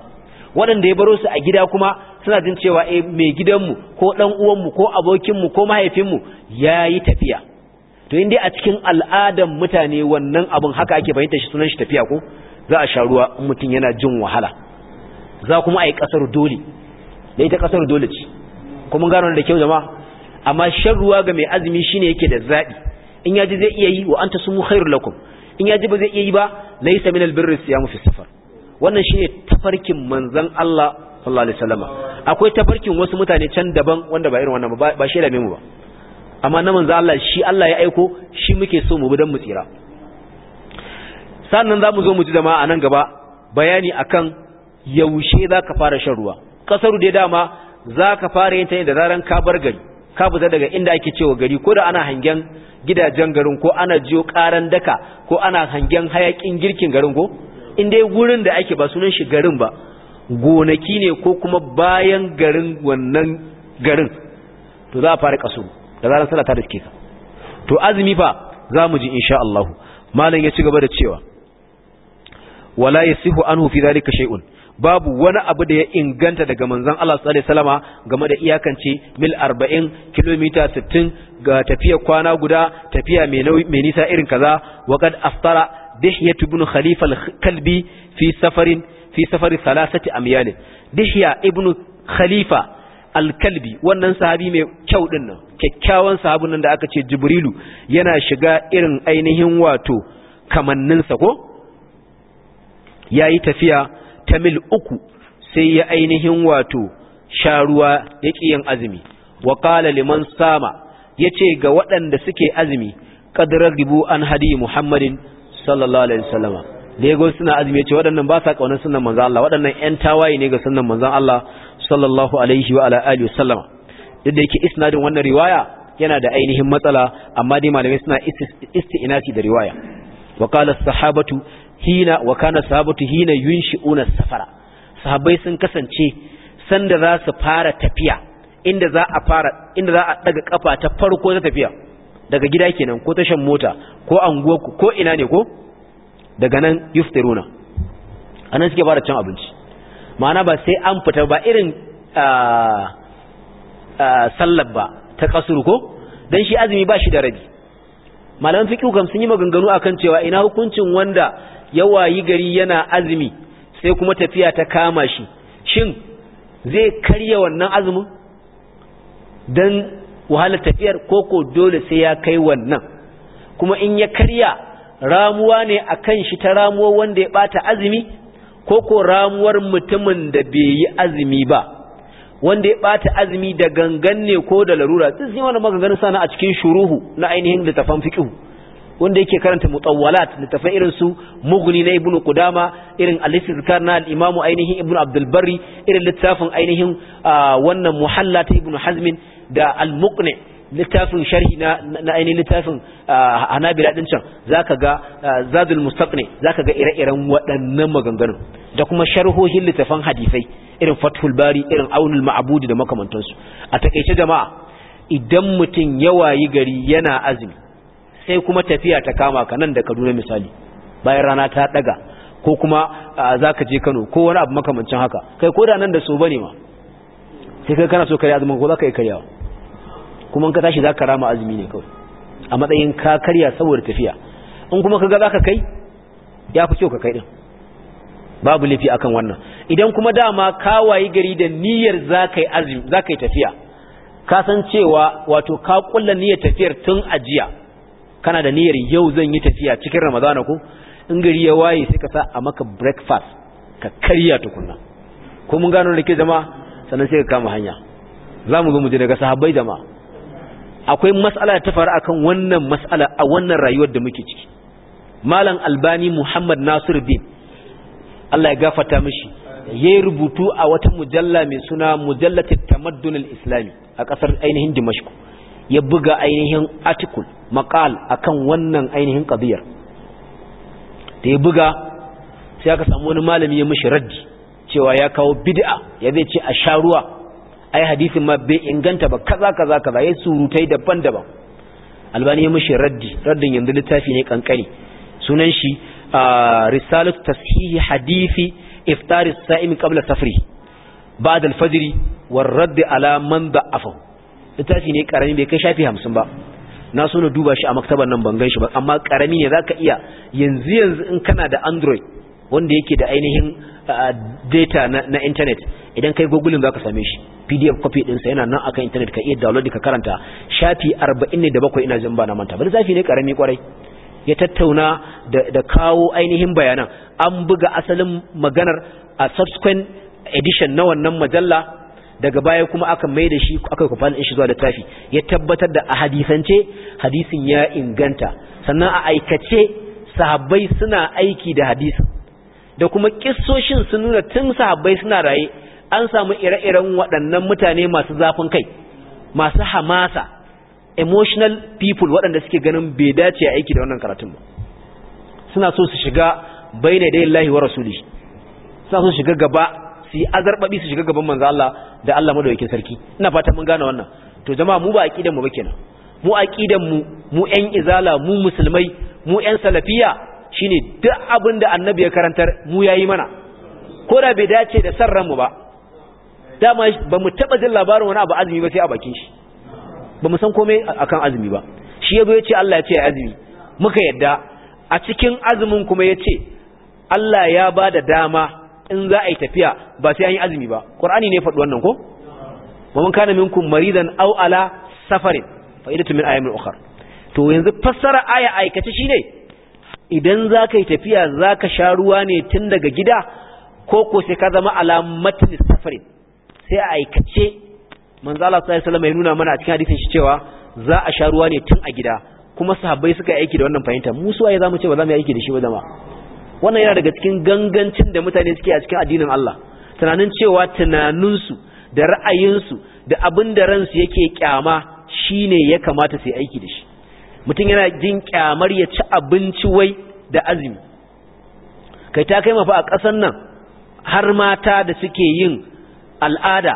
waɗanda ya baro su a gida kuma suna jin cewa eh mai gidanmu ko dan uwanmu ko abokinmu ko mahaifinmu yayi tafiya to in dai a cikin al'adan mutane wannan abun haka ake bayyana shi sunan shi tafiya ko za a sha ruwa in mutum yana jin wahala za kuma a yi kasar dole da ita kasar dole ce kuma gano da kyau jama'a amma shan ruwa ga mai azumi shine yake da zaɓi in ya ji zai iya yi wa anta sumu khairu lakum in ya ji ba zai iya yi ba laysa min albirri siyamu fi safar wannan ne tafarkin manzon Allah sallallahu alaihi wasallam akwai tafarkin wasu mutane can daban wanda ba irin wannan ba ba shi da mu ba amma na manzon Allah shi Allah ya aiko shi muke so mu bi dan mu tsira sannan za mu zo mu ji jama'a nan gaba bayani akan yaushe za ka fara shan ruwa kasaru da dama ka fara yin ta da zaran ka bar gari ka fita daga inda ake cewa gari ko da ana hangen gidajen garin ko ana jiyo karan daka ko ana hangen hayakin girkin garin ko Inda ya gurin da ake ba sunan shi garin ba gonaki ne ko kuma bayan garin wannan garin to za a fara kaso da zaran sana ta riske ka to azumi fa za mu ji insha Allah malam ya ci gaba da cewa wala yasihu anhu fi dhalika shay'un babu wani abu da ya inganta daga manzon Allah sallallahu alaihi wasallama game da iyakance mil 40 kilomita 60 ga tafiya kwana guda tafiya mai nisa irin kaza kad aftara dihya ibn khalifa al-kalbi fi safarin fi safari thalathati amyal dihya ibn khalifa Kalbi wannan sahabi mai kyau din nan kyakkyawan sahabin nan da aka ce jibrilu yana shiga irin ainihin wato kamanninsa ko yayi tafiya ta mil uku sai ya ainihin wato sharuwa ya yin azumi wa qala liman sama yace ga waɗanda suke azumi qadrar ribu an hadi muhammadin sallallahu alaihi wasallama lego suna azumi yace waɗannan ba sa kaunar sunnan manzon Allah waɗannan ƴan tawaye ne ga sunnan manzon Allah sallallahu alaihi wa ala alihi wasallama duk da yake isnadin wannan riwaya yana da ainihin matsala amma dai malamai suna isti'inasi da riwaya wa qala as-sahabatu hina wa kana sahabatu hina yunshi'una safara sahabbai sun kasance sanda za su fara tafiya inda za a fara inda za a daga kafa ta farko ta tafiya daga gida kenan ko tashan mota ko anguwa ku ko ina ne ko daga nan yuftiruna anan suke fara cin abinci ma'ana ba sai an fita ba irin sallar ba ta kasuru ko dan shi azumi ba shi da rabi malaman fiqh kam sun yi maganganu akan cewa ina hukuncin wanda ya wayi gari yana azumi sai kuma tafiya ta kama shi shin zai karya wannan azumin don wahalar tafiyar koko dole sai ya kai wannan kuma in ya karya ramuwa ne a kan shi ta ramuwa wanda ya bata azumi koko ramuwar mutumin da bai yi azumi ba wanda ya bata azumi da gangan ne ko da larura sun yi wani maganganu sana a cikin shuruhu na ainihin littafan fiƙihu wanda yake karanta mutawwalat littafai irin su mughni na ibnu qudama irin al-istizkar na al-imamu ainihin ibnu abdul barri irin littafin ainihin ah, wannan muhalla ta ibnu hazmin da al-muqni littafin sharhi na na ainihin littafin ah, hanabila din can zaka ga ah, zadul mustaqni zaka ga ire-iren waɗannan maganganun da kuma sharhohin littafan hadisai irin fathul bari irin aunul ma'budi da makamantansu a takeice jama'a idan mutum ya wayi gari yana azumi sai kuma tafiya ta kama ka nan da kaduna misali bayan rana ta daga ko kuma za ka je kano ko wani abu makamancin haka kai ko da nan da so bane ma sai kai kana so karya azumin ko za ka yi karyawa kuma in ka tashi za ka rama azumi ne kawai a matsayin ka karya saboda tafiya in kuma ka ga za ka kai ya fi kyau ka kai din babu laifi akan wannan idan kuma dama ka wayi gari da niyyar za ka yi azumi za ka yi tafiya ka san cewa wato ka kulla niyyar tafiyar tun ajiya kana da niyyar yau zan yi tafiya cikin ramadana ko in gari ya waye sai ka sa a maka breakfast ka karya tukunna ko mun gano da ke jama'a sannan sai ka kama hanya za mu zo mu je daga sahabbai jama'a akwai mas'ala ta faru akan wannan mas'ala a wannan rayuwar da muke ciki malam albani muhammad nasir bin Allah ya gafata mishi ya rubutu a wata mujalla mai suna mujallatit tamaddun al-islami a kasar ainihin dimashq ya buga ainihin article maqal akan wannan ainihin qadiyar da ya buga sai aka samu wani malami ya mishi raddi cewa ya kawo bid'a ya zai ce a sha ruwa ai hadisin ma bai inganta ba kaza kaza kaza ya surutai daban-daban albani ya mishi raddi raddin yanzu littafi ne kankani sunan shi risalatu tashihi hadisi iftar as-sa'im qabla safri ba'da al-fajr war radd ala man da'afahu littafi ne karami bai kai shafi hamsin ba na so na duba shi a maktabar nan ban ganshi ba amma karami ne zaka iya yanzu yanzu in kana da android wanda yake da ainihin data na internet idan kai google zaka same shi pdf copy din sa yana nan akan internet ka iya download ka karanta shafi 47 ina jin ba na manta ba littafi ne karami kwarai ya tattauna da kawo ainihin bayanan an buga asalin maganar a subsequent edition na wannan majalla daga baya kuma aka mai da shi aka kwafan shi zuwa littafi ya tabbatar da a hadisance hadisin ya inganta sannan a aikace sahabbai suna aiki da hadisin da kuma kissoshin sun nuna tun sahabbai suna raye an samu ire-iren waɗannan mutane masu zafin kai masu hamasa emotional people waɗanda suke ganin bai dace aiki da wannan karatun ba suna so su shiga bai da dai lahi wa rasuli suna so su shiga gaba su yi azarbabi su shiga gaban manzo Allah da Allah madaukakin sarki ina fata mun gane wannan to jama'a mu ba aqidan mu ba kenan mu aqidan mu mu ƴan izala mu musulmai mu ƴan salafiya shine duk abin da annabi ya karantar mu yayi mana ko da bai dace da sarran mu ba dama ba mu taba jin labarin wani abu azumi ba sai a bakin shi ba mu san komai akan azumi ba shi yazo yace Allah ya ce azumi muka yadda a cikin azumin kuma yace Allah ya ba da dama in za a yi tafiya ba sai an yi azumi ba qur'ani ne faɗi wannan ko wa man kana minkum maridan aw ala safarin fa idatu min ayamin ukhar to yanzu fassara aya aikace shine idan za ka yi tafiya za ka sha ruwa ne tun daga gida ko ko sai ka zama alamatin safarin sai a aikace manzo Allah sallallahu alaihi wasallam ya nuna mana a cikin hadisin shi cewa za a sha ruwa ne tun a gida kuma sahabbai suka yi aiki da wannan fahimta mu suwaye zamu ce ba za mu yi aiki da shi ba jama'a wannan yana daga cikin gangancin da mutane suke a cikin addinin Allah tunanin cewa tunaninsu da ra'ayinsu da abin da ransu yake kyama shine ya kamata su yi aiki da shi mutum yana jin kyamar ya ci abinci wai da azumi kai ta kai mafi a ƙasan nan har mata da suke yin al'ada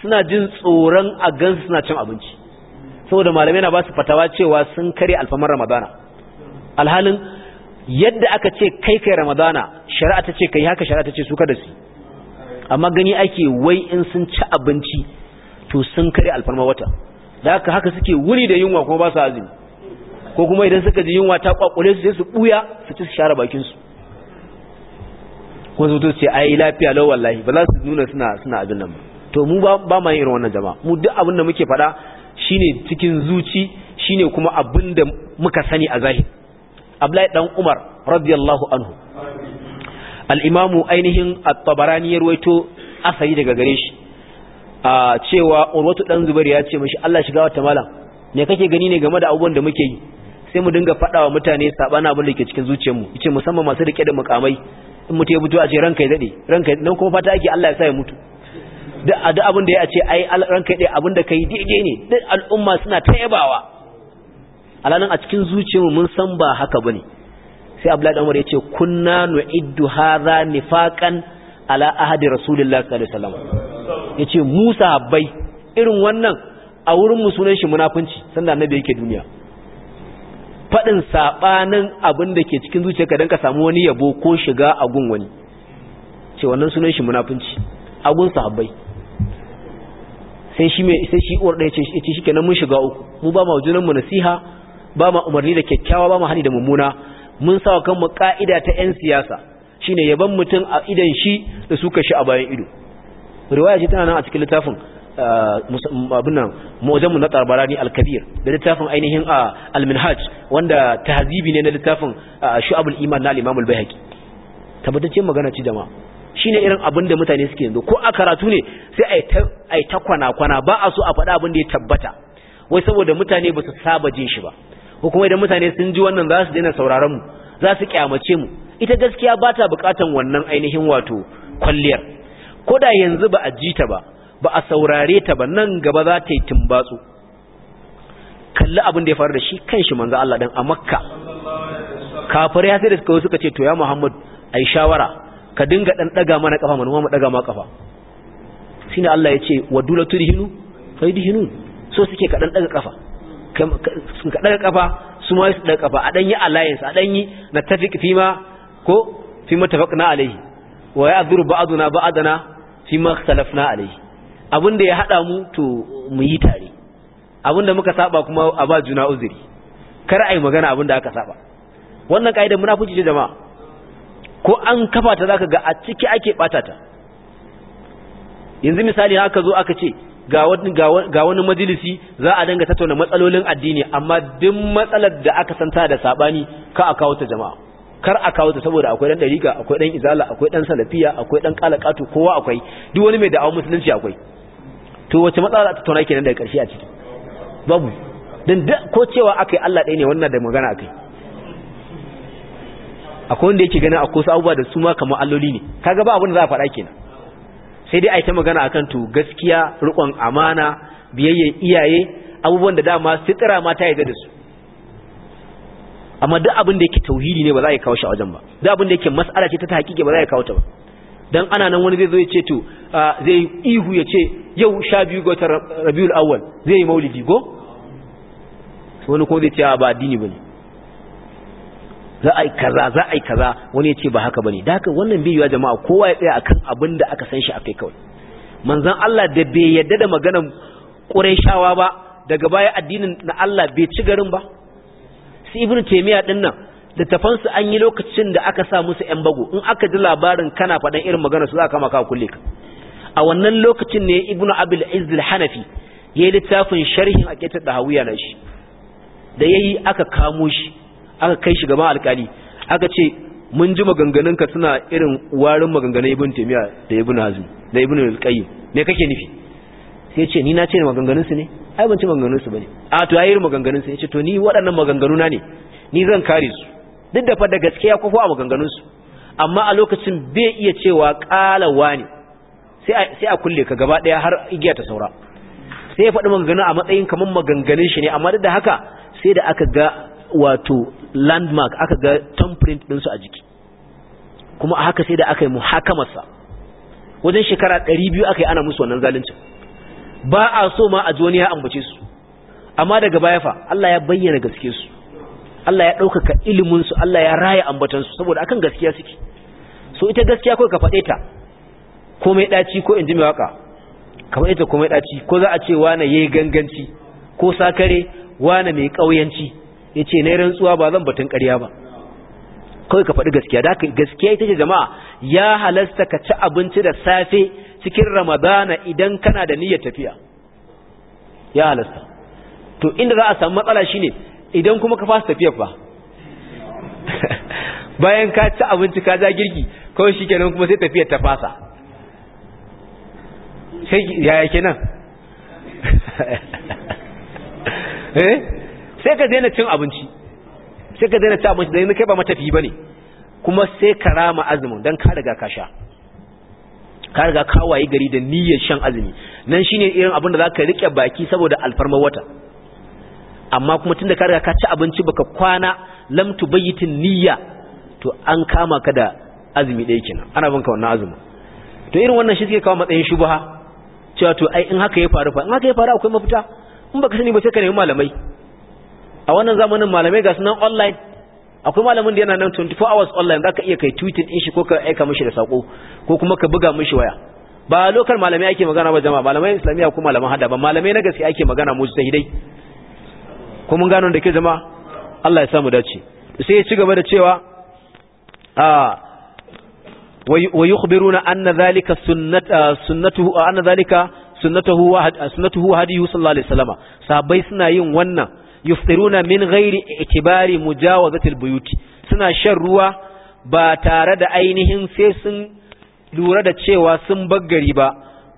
suna jin tsoron a gansu suna cin abinci saboda malamai na ba su fatawa cewa sun kare alfamar ramadana alhalin yadda aka ce kai kai ramadana shari'a ta ce kai haka shari'a ta ce su kada su amma gani ake wai in sun ci abinci to sun kare alfarma wata da haka haka suke wuri da yunwa kuma ba su azumi ko kuma idan suka ji yunwa ta kwakule su sai su buya su ci su share bakin su kuma su ce ai lafiya lau wallahi ba za su nuna suna suna abin nan ba to mu ba ma yin irin wannan jama'a mu duk abin da muke faɗa shine cikin zuci shine kuma abin da muka sani a zahiri Abdullahi dan Umar radiyallahu anhu al-imamu ainihin at-tabarani ya ruwaito asali daga gare shi a cewa urwatu dan zubair ya ce mishi Allah shiga wata malam me kake gani ne game da abubuwan da muke yi sai mu dinga fadawa mutane sabana abin da ke cikin mu yace musamman masu rike da mukamai in mutai ya fito a ce ranka ya dade ranka nan kuma fata ake Allah ya sa ya mutu duk abin da ya ce ai ranka ya dade abin da kai daidai ne duk al'umma suna ta yabawa alanan a cikin zuciyarmu mun san ba haka bane sai abdullahi dan umar yace kunna nu'iddu hadha nifaqan ala ahadi rasulillahi sallallahu alaihi wasallam yace musa bai irin wannan a wurin mu sunan shi munafunci sanda annabi yake duniya fadin sabanin abin da ke cikin zuciyarka dan ka samu wani yabo ko shiga a gun wani ce wannan sunan shi munafunci a gun sahabbai sai shi mai sai shi uwar da yace shi kenan mun shiga uku mu ba mu junan mu nasiha ba ma umarni da kyakkyawa ba ma hani da mummuna mun sa kanmu ka'ida ta 'yan siyasa shine yaban mutum a idan shi da suka shi a bayan ido riwaya ce tana nan a cikin littafin uh, abin nan mu'jamu na tsarbarani al-kabir da littafin ainihin a uh, alminhaj wanda tahazibi ne na littafin uh, shu'abul iman na al-imam al-baihaqi magana ci jama'a shine irin abin da mutane suke yanzu ko a karatu ne sai yi ta kwana kwana ba a so a faɗa abin da ya tabbata wai saboda mutane ba su saba jin shi ba ko kuma idan mutane sun ji wannan za su daina sauraron mu za su kyamace mu ita gaskiya ba ta bukatan wannan ainihin wato kwalliyar ko da yanzu ba a ji ta ba ba a saurare ta ba nan gaba za ta yi tumbatsu kalli abin da ya faru da shi kan shi manzo Allah dan a Makka ya sai da suka suka ce to ya Muhammad ai shawara ka dinga dan daga mana kafa mu mu daga ma kafa shine Allah ya ce wadulatul hinu faidhinu so suke ka dan daga kafa ka daga kafa su ma su daga kafa a dan yi alliance a dan yi na tafiq fi ma ko fi ma tafaqna alayhi wa ya'dhuru ba'duna ba'dana fi ma ikhtalafna alayhi abinda ya hada mu to mu yi tare abinda muka saba kuma a ba juna uzuri kar ai magana abinda aka saba wannan kaidar munafiki ce jama'a ko an kafa ta zaka ga a ciki ake bata ta yanzu misali haka zo aka ce ga wani majalisi za a danga tattauna matsalolin addini amma duk matsalar da aka santa da sabani ka a kawo ta jama'a kar a kawo ta saboda akwai dan dariga akwai dan izala akwai dan salafiya akwai dan kalakatu kowa akwai duk wani mai da'awun musulunci akwai to wace matsala ta tattauna kenan daga karshe a ciki babu dan ko cewa akai Allah ɗaya ne wannan da magana akai akwai wanda yake ganin akwai su abubuwa da su ma kamar alloli ne kaga ba abin da za a faɗa kenan sai dai a yi ta magana akan to gaskiya riƙon amana biyayyen iyaye abubuwan da dama sitira ma ta yarda da su amma duk abin da yake tauhidi ne ba za a yi kawo shi a wajen ba duk abin da yake mas'ala ce ta ta hakike ba za a yi kawo ta ba dan ana nan wani zai zo ya ce to zai ihu ya ce yau sha biyu ga rabiul awwal zai yi maulidi go wani ko zai ce ba addini bane za a yi kaza za a yi kaza wani ya ce ba haka bane da haka wannan biyu jama'a kowa ya tsaya akan abin da aka san shi akai kawai manzon Allah da bai yadda da maganar Qurayshawa ba daga baya addinin na Allah bai ci garin ba su Ibnu Taymiyyah din nan littafan su an yi lokacin da aka sa musu yan bago in aka ji labarin kana faɗan irin magana su za ka maka kulle ka a wannan lokacin ne Ibnu Abil Izz al-Hanafi yayi littafin sharhin aqidat da hawiya na shi da yayi aka kamo shi aka kai shi gaban alkali aka ce mun ji maganganunka suna irin warin maganganun ibn taymiya da ibn hazm da ibn al-qayyim me kake nufi sai ce ni na ce maganganun su ne ai ban ci maganganun su bane a to yayi maganganun su yace to ni waɗannan maganganu na ne ni zan kare su duk da fa da gaskiya ko a maganganun su amma a lokacin bai iya cewa qalawa ne sai sai a kulle ka gaba daya har igiya ta saura sai ya faɗi maganganu a matsayin kaman maganganun shi ne amma duk da haka sai da aka ga wato landmark aka ga thumbprint ɗinsu a jiki kuma a haka sai da aka yi muhakamarsa wajen shekara ɗari biyu aka yi ana musu wannan zaluncin ba a so ma a ji wani ya ambace su amma daga baya fa Allah ya bayyana gaske su Allah ya ɗaukaka iliminsu Allah ya raya ambatansu saboda akan gaskiya suke so ita gaskiya kawai ka faɗe ta komai ɗaci ko in ji mai waka ka faɗe ta komai ɗaci ko za a ce wane yi ganganci ko sakare wane mai ƙauyanci ya ce na yi rantsuwa ba zan batun ƙarya ba kawai ka faɗi gaskiya da gaskiya ita ce jama'a ya halasta ka ci abinci da safe cikin ramadana idan kana da niyyar tafiya ya halasta to inda za a samu matsala shine idan kuma ka fasa tafiya ba bayan ka ci abinci ka ja girki kawai shi kenan kuma sai tafiyar ta fasa sai yaya kenan eh sai ka daina cin abinci sai ka daina cin abinci da yanzu kai ba matafi bane kuma sai ka rama azumin dan ka riga ka sha ka riga ka gari da niyyar shan azumi nan shine irin abin da zaka rike baki saboda alfarmar wata amma kuma tunda ka riga ka ci abinci baka kwana lam tubayyitin niyya to an kama ka da azumi ɗaya kenan ana bin ka wannan azumi to irin wannan shi suke kawo matsayin shubha cewa to ai in haka ya faru fa in haka ya faru akwai mafita in baka sani ba sai ka nemi malamai a wannan zamanin malamai ga sunan online akwai malamin da yana nan 24 hours online zaka iya kai tweeting din shi ko ka aika mishi da sako ko kuma ka buga mishi waya ba lokal malamai ake magana ba jama'a malamai islamiya ko malaman hada ba malamai na gaske ake magana mu hidai ko mun gano da ke jama'a Allah ya samu dace sai ya ci gaba da cewa a ويخبرون أن ذلك سنة سنته أن ذلك سنته وحد صلى الله عليه وسلم sahabbai suna yin wannan yuftiruna min ghairi itibari mujawazatil buyuti suna shan ruwa ba tare da ainihin sai sun lura da cewa sun baggari ba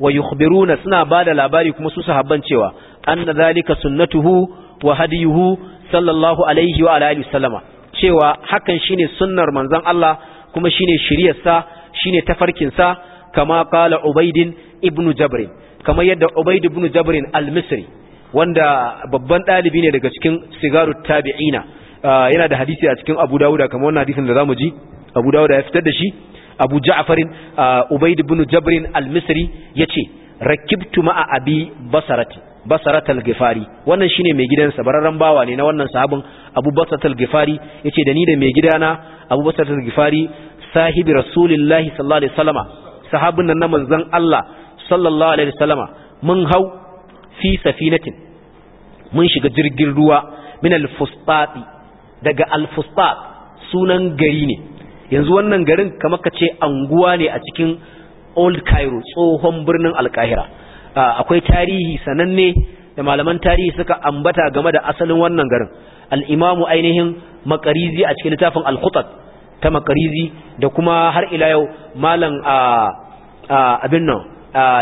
wa yukhbiruna suna bada labari kuma su sahabban cewa anna zalika sunnatuhu wa hadiyuhu sallallahu alaihi wa alihi wasallama cewa hakan shine sunnar manzon Allah kuma shine sa shine tafarkin sa kama qala ubaidin Ibn jabrin kama yadda ubaid Ibn jabrin al-misri wanda babban ɗalibi ne daga cikin sigaru tabi'ina ah, yana da hadisi a cikin abu dawuda kamar wannan hadisin da zamu ji abu dawuda ya fitar da shi abu ja'farin ah, ubaid ibn jabrin al-misri yace rakibtu ma'a abi basarati basaratal gifari wannan shine mai gidansa bararran bawa ne na wannan sahabin abu basaratal gifari yace da ni da mai gidana abu basaratal gifari sahibi rasulillahi sallallahu alaihi wasallama sahabin nan na manzon Allah sallallahu alaihi wasallama mun hau fi safinatin mun shiga jirgin ruwa min alfustati daga alfusfat sunan gari ne yanzu wannan garin kamar ka ce anguwa ne a cikin old cairo tsohon birnin alkahira akwai tarihi sananne da malaman tarihi suka ambata game da asalin wannan garin al'imamu ainihin makarizi a cikin littafin alkhutat ta makarizi da kuma har ila yau malam abin nan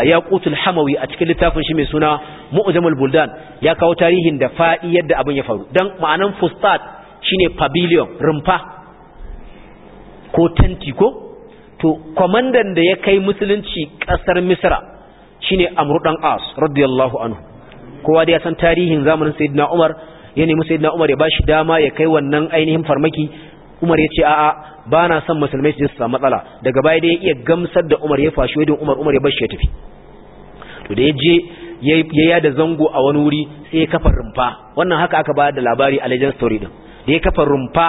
ya hamawi a cikin littafin shi mai suna mu'jamul buldan ya kawo tarihin da fadi yadda abin ya faru dan ma'anan fustat shine pavilion rumfa ko tanti ko to kwamandan da ya kai musulunci kasar misra shine amru dan as radiyallahu anhu kowa da ya san tarihin zamanin sayyidina umar ya nemi sayyidina umar ya bashi dama ya kai wannan ainihin farmaki Umar ya ce a'a ba na son musulmai su samu matsala daga baya dai ya iya gamsar da Umar ya fashi wajen Umar Umar ya bashi ya tafi to da ya je ya yada zango a wani wuri sai ya kafa rumfa wannan haka aka ba da labari a legend story din da ya kafa rumfa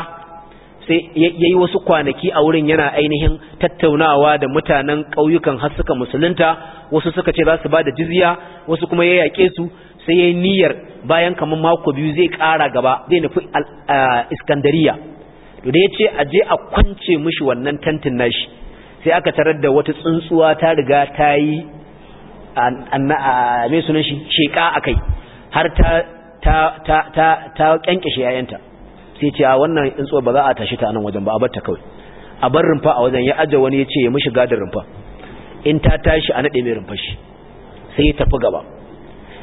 sai ya yi wasu kwanaki a wurin yana ainihin tattaunawa da mutanen ƙauyukan har suka musulunta wasu suka ce za su ba da jizya wasu kuma ya yaƙe su sai ya yi niyyar bayan kamar mako biyu zai ƙara gaba zai nufi iskandariya to da ce a je a kwance mishi wannan tantin nashi sai aka tarar da wata tsuntsuwa ta riga ta yi a me sunan shi sheka akai har ta kyankyashe yayanta sai ce a wannan tsuntsuwa ba za a tashi ta nan wajen ba a bar ta kawai a bar rumfa a wajen ya aje wani ya ce ya mishi gadar rumfa in ta tashi a naɗe mai rumfa shi sai ya tafi gaba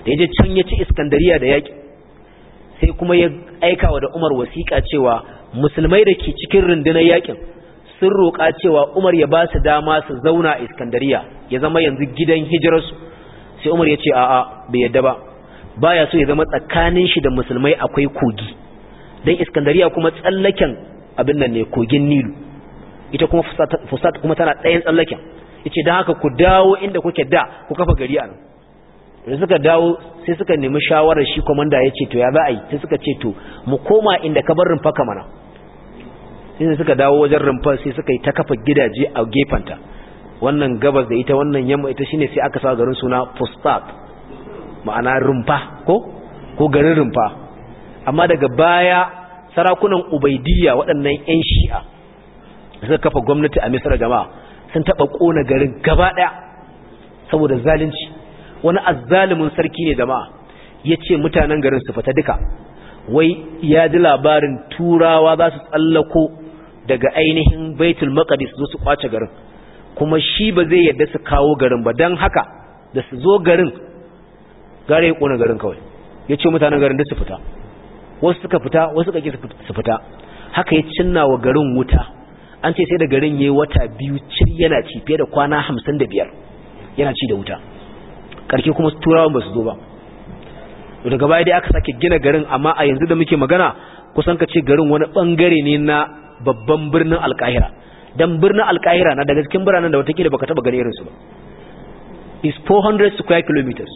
da ya je can ya ci iskandariya da yaƙi sai kuma ya aika wa da umar wasiƙa cewa musulmai da ke cikin rundunar yakin sun roƙa cewa umar ya ba su dama su zauna a iskandariya ya zama yanzu gidan hijirarsu sai umar ya ce a'a bai yadda ba baya so ya zama tsakanin shi da musulmai akwai kogi don iskandariya kuma tsallaken abin nan ne kogin nilu ita kuma fusat kuma tana ɗayan tsallaken ya ce don haka ku dawo inda kuke da ku kafa gari a nan suka dawo sai suka nemi shawarar shi kwamanda ya ce to ya za a yi sai suka ce to mu koma inda ka bar faka mana sai suka dawo wajen rumfar sai suka yi ta kafa gidaje a gefanta, wannan gabas da ita wannan yamma ita shine sai aka sa garin suna fustat ma'ana rumfa ko ko garin rumfa amma daga baya sarakunan ubaidiyya waɗannan ƴan shi'a suka kafa gwamnati a misra jama'a sun taɓa ƙona garin gaba ɗaya saboda zalunci wani azzalumin sarki ne jama'a ya ce mutanen garin su fita duka wai ya ji labarin turawa za su tsallako daga ainihin baitul maqdis zo su kwace garin kuma shi ba zai yadda su kawo garin ba dan haka da su zo garin gare ya ƙona garin kawai ya ce mutanen garin da su fita wasu suka fita wasu suka su fita haka ya cinna garin wuta an ce sai da garin yayi wata biyu cin yana ci fiye da kwana hamsin da biyar yana ci da wuta karki kuma turawan ba su zo ba daga baya dai aka sake gina garin amma a yanzu da muke magana kusan ka ce garin wani bangare ne na babban birnin alkahira don birnin alkahira na daga cikin biranen da wata watakila baka taba gani irinsu ba is 400 square kilometers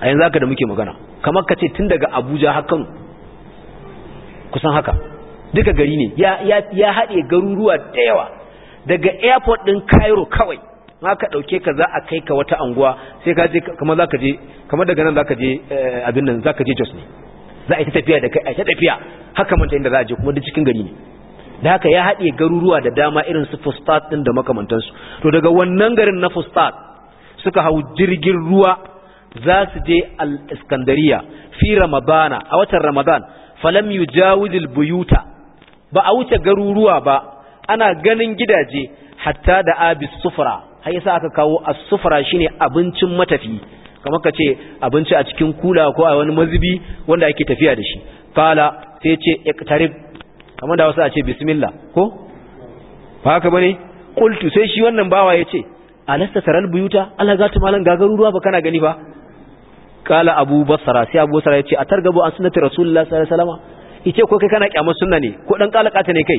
a yanzu haka da muke magana kamar ka ce tun daga abuja hakan kusan haka duka gari ne ya haɗe garuruwa da yawa daga airport ɗin cairo kawai ma ka ɗauke ka za a kai ka wata anguwa sai ka za ka je kamar daga nan za ka je eh, abin nan za ka je jos ne za a yi tafiya da kai a ta tafiya haka manta inda za a je kuma duk cikin gari ne da haka ya haɗe garuruwa da dama irin su fustat ɗin da makamantansu to daga wannan garin na fustat suka hau jirgin ruwa za su je al-iskandariya fi ramadana a watan ramadan falam yujawidil buyuta ba a wuce garuruwa ba ana ganin gidaje hatta da abis sufra har yasa aka kawo as-sufra shine abincin matafi kamar ka ce abinci a cikin kula ko a wani mazubi wanda ake tafiya da shi fala sai ce iktarib kamar da wasu a ce bismillah ko ba haka bane qultu sai shi wannan bawa ya ce alasta taral buyuta Allah za ta malan gagaru ruwa ba kana gani ba kala abu basra sai abu basra ya ce a targabu an sunnati rasulullah sallallahu alaihi wasallam yace ko kai kana kyamar sunna ne ko dan kalakata ne kai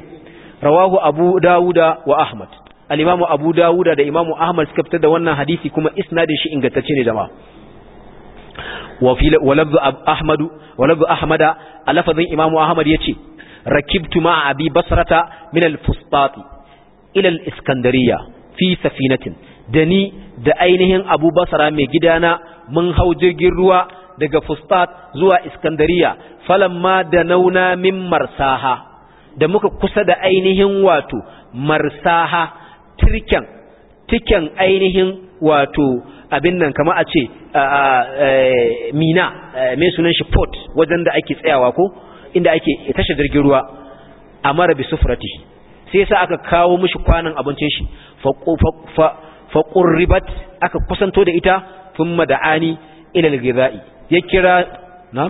rawahu abu dawuda wa ahmad al-imamu abu dawuda da imamu ahmad suka fitar da wannan hadisi kuma isnadin shi ingantacce ne jama'a وفي a أحمد ولفظ أحمد لفظ إمام أحمد يتي ركبت مع أبي بصرة من الفسطاط إلى الإسكندرية في سفينة دني da ainihin Abu Basra mai gidana mun hau jirgin ruwa daga Fustat zuwa Iskandariya falamma da nauna min marsaha da muka kusa da ainihin wato marsaha tirken tiken ainihin wato abin nan kama a ce mina mai sunan shi port wajen da ake tsayawa ko inda ake tashar jirgin ruwa a mara bi sufurati sai sa aka kawo mishi kwanan abincin shi ribat aka kusanto da ita tun mada'ani ilal giza'i ya kira na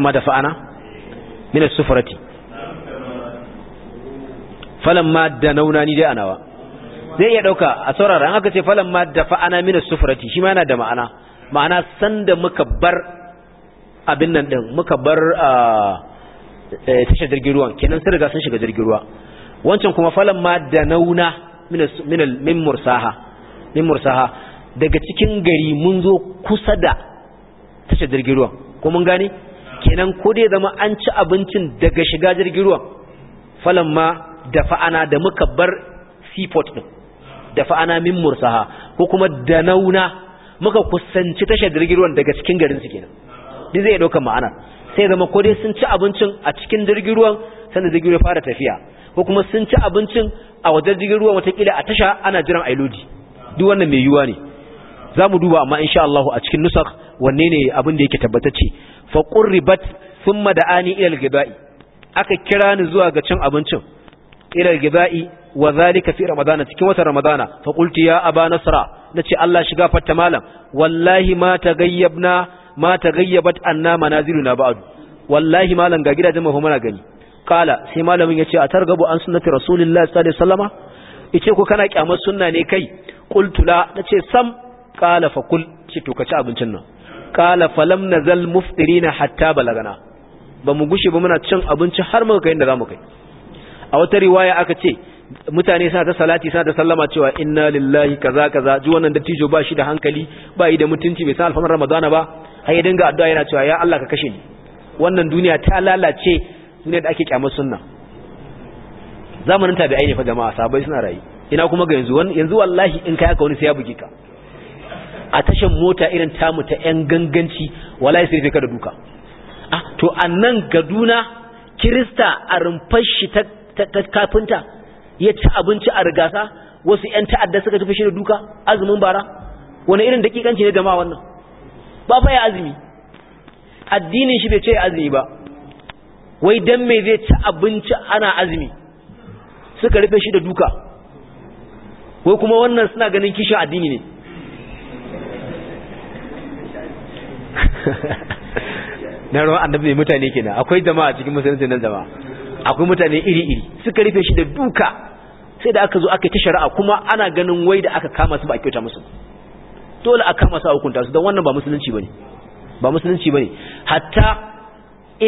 ma da fa'ana minas sufurati Falan ma da nauna ni dai anawa zai iya dauka a saurara an aka ce ma da fa'ana mina sufrati shi ma yana da ma'ana ma'ana sanda muka bar abin nan din muka bar e, tashar jirgin ruwan kenan sun riga sun shiga jirgin ruwa wancan kuma falan ma da nauna min mursaha min mursaha daga cikin gari mun zo kusa da tashar jirgin ruwan ko mun gane kenan ko dai zama an ci abincin daga shiga jirgin ruwan ma. dafa'ana da muka bar seaport din da fa'ana min mursaha ko kuma da nauna muka kusanci tashar jirgin ruwan daga cikin garin su kenan din zai dauka ma'ana sai zama ko dai sun ci abincin a cikin jirgin ruwan sanda jirgin ruwa fara tafiya ko kuma sun ci abincin a wajen jirgin ruwan kila a tasha ana jiran ailodi duk wannan mai yiwuwa ne za mu duba amma insha Allah a cikin nusakh wanne ne abin da yake tabbatacce fa qurribat thumma da'ani ila al-ghiba'i aka kira ni zuwa ga cin abincin ila al-gibai wa zalika fi ramadana cikin watan ramadana fa qultu ya aba nasra nace Allah shiga fatta malam wallahi ma tagayyabna ma tagayyabat anna manaziluna ba'd wallahi malam ga gidajen mu muna gani kala sai malamin yace a targabu an sunnati rasulillahi sallallahu alaihi wasallama yace ko kana kyamar sunna ne kai qultu la nace sam kala fa kul ce to kaci abincin nan kala falam nazal muftirina hatta balagana ba mu gushe ba muna cin abinci har muka kai inda zamu kai a wata riwaya aka ce mutane suna ta salati suna ta sallama cewa inna lillahi kaza kaza ji wannan dattijo ba shi da hankali ba yi da mutunci bai san alfamar ramadana ba har ya dinga addu'a yana cewa ya Allah ka kashe ni wannan duniya ta lalace duniya da ake kyamar sunna zamanin tabi'ai ne fa jama'a sabai suna rayu ina kuma ga yanzu yanzu wallahi in kai aka wani sai ya buge ka a tashan mota irin tamu ta yan ganganci wallahi sai ka da duka ah to annan gaduna kirista a rumfar shi ta ta kafinta ya ci abinci a rigasa wasu 'yan ta'adda suka tafi shi da duka azumin bara wani irin dakikanci ne jama'a wannan ba fa ya azumi addinin shi bai ce azumi ba wai dan me zai ci abinci ana azumi suka rufe shi da duka wai kuma wannan suna ganin kishin addini ne na ruwan annabi mutane kenan akwai jama'a cikin musulunci nan jama'a akwai mutane iri-iri suka rufe shi da duka sai da aka zo aka ta shari'a kuma ana ganin wai da aka kama su ba a kyauta musu dole a kama su a hukunta su don wannan ba musulunci bane ba musulunci bane hatta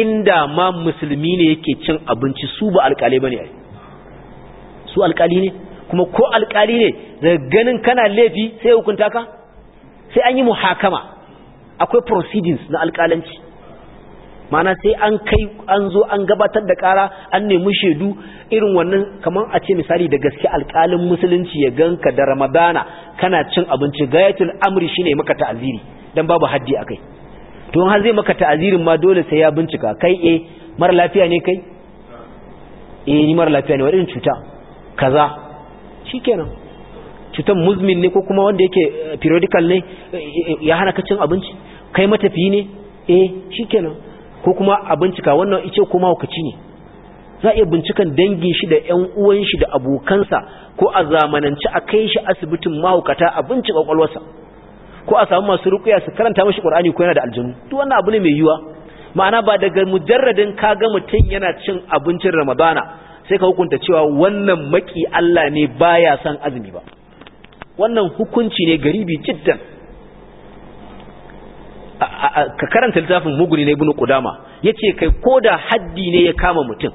inda ma musulmi ne yake cin abinci su ba alƙali bane ai su alƙali ne kuma ko alƙali ne daga ganin kana laifi sai hukunta ka sai an yi muhakama akwai proceedings na alƙalanci mana sai an kai an zo an gabatar da kara an nemi shaidu irin wannan kamar a ce misali da gaske alkalin musulunci ya ganka da ramadana kana cin abinci gayatul amri shine maka ta'aziri dan babu haddi akai to har zai maka ta'azirin ma dole sai ya bincika kai eh mara lafiya ne kai eh ni mara lafiya ne wadin cuta kaza shikenan cutan muzmin ne ko kuma wanda yake eh, periodical ne eh, eh, ya hana ka cin abinci kai matafi ne eh shikenan ko kuma a bincika wannan ice ko mahaukaci ne za a iya bincikan dangin shi da 'yan uwan shi da abokansa ko a zamanance a kai shi asibitin mahaukata a bincika kwalwarsa ko a samu masu rukuya su karanta mashi qur'ani ko yana da aljanu duk wannan abu ne mai yiwuwa ma'ana ba daga mujarradin ka ga mutum yana cin abincin ramadana sai ka hukunta cewa wannan maki Allah ne baya son azumi ba wannan hukunci ne garibi jiddan ka karanta littafin muguni na ibnu qudama yace kai koda haddi ne ya kama mutum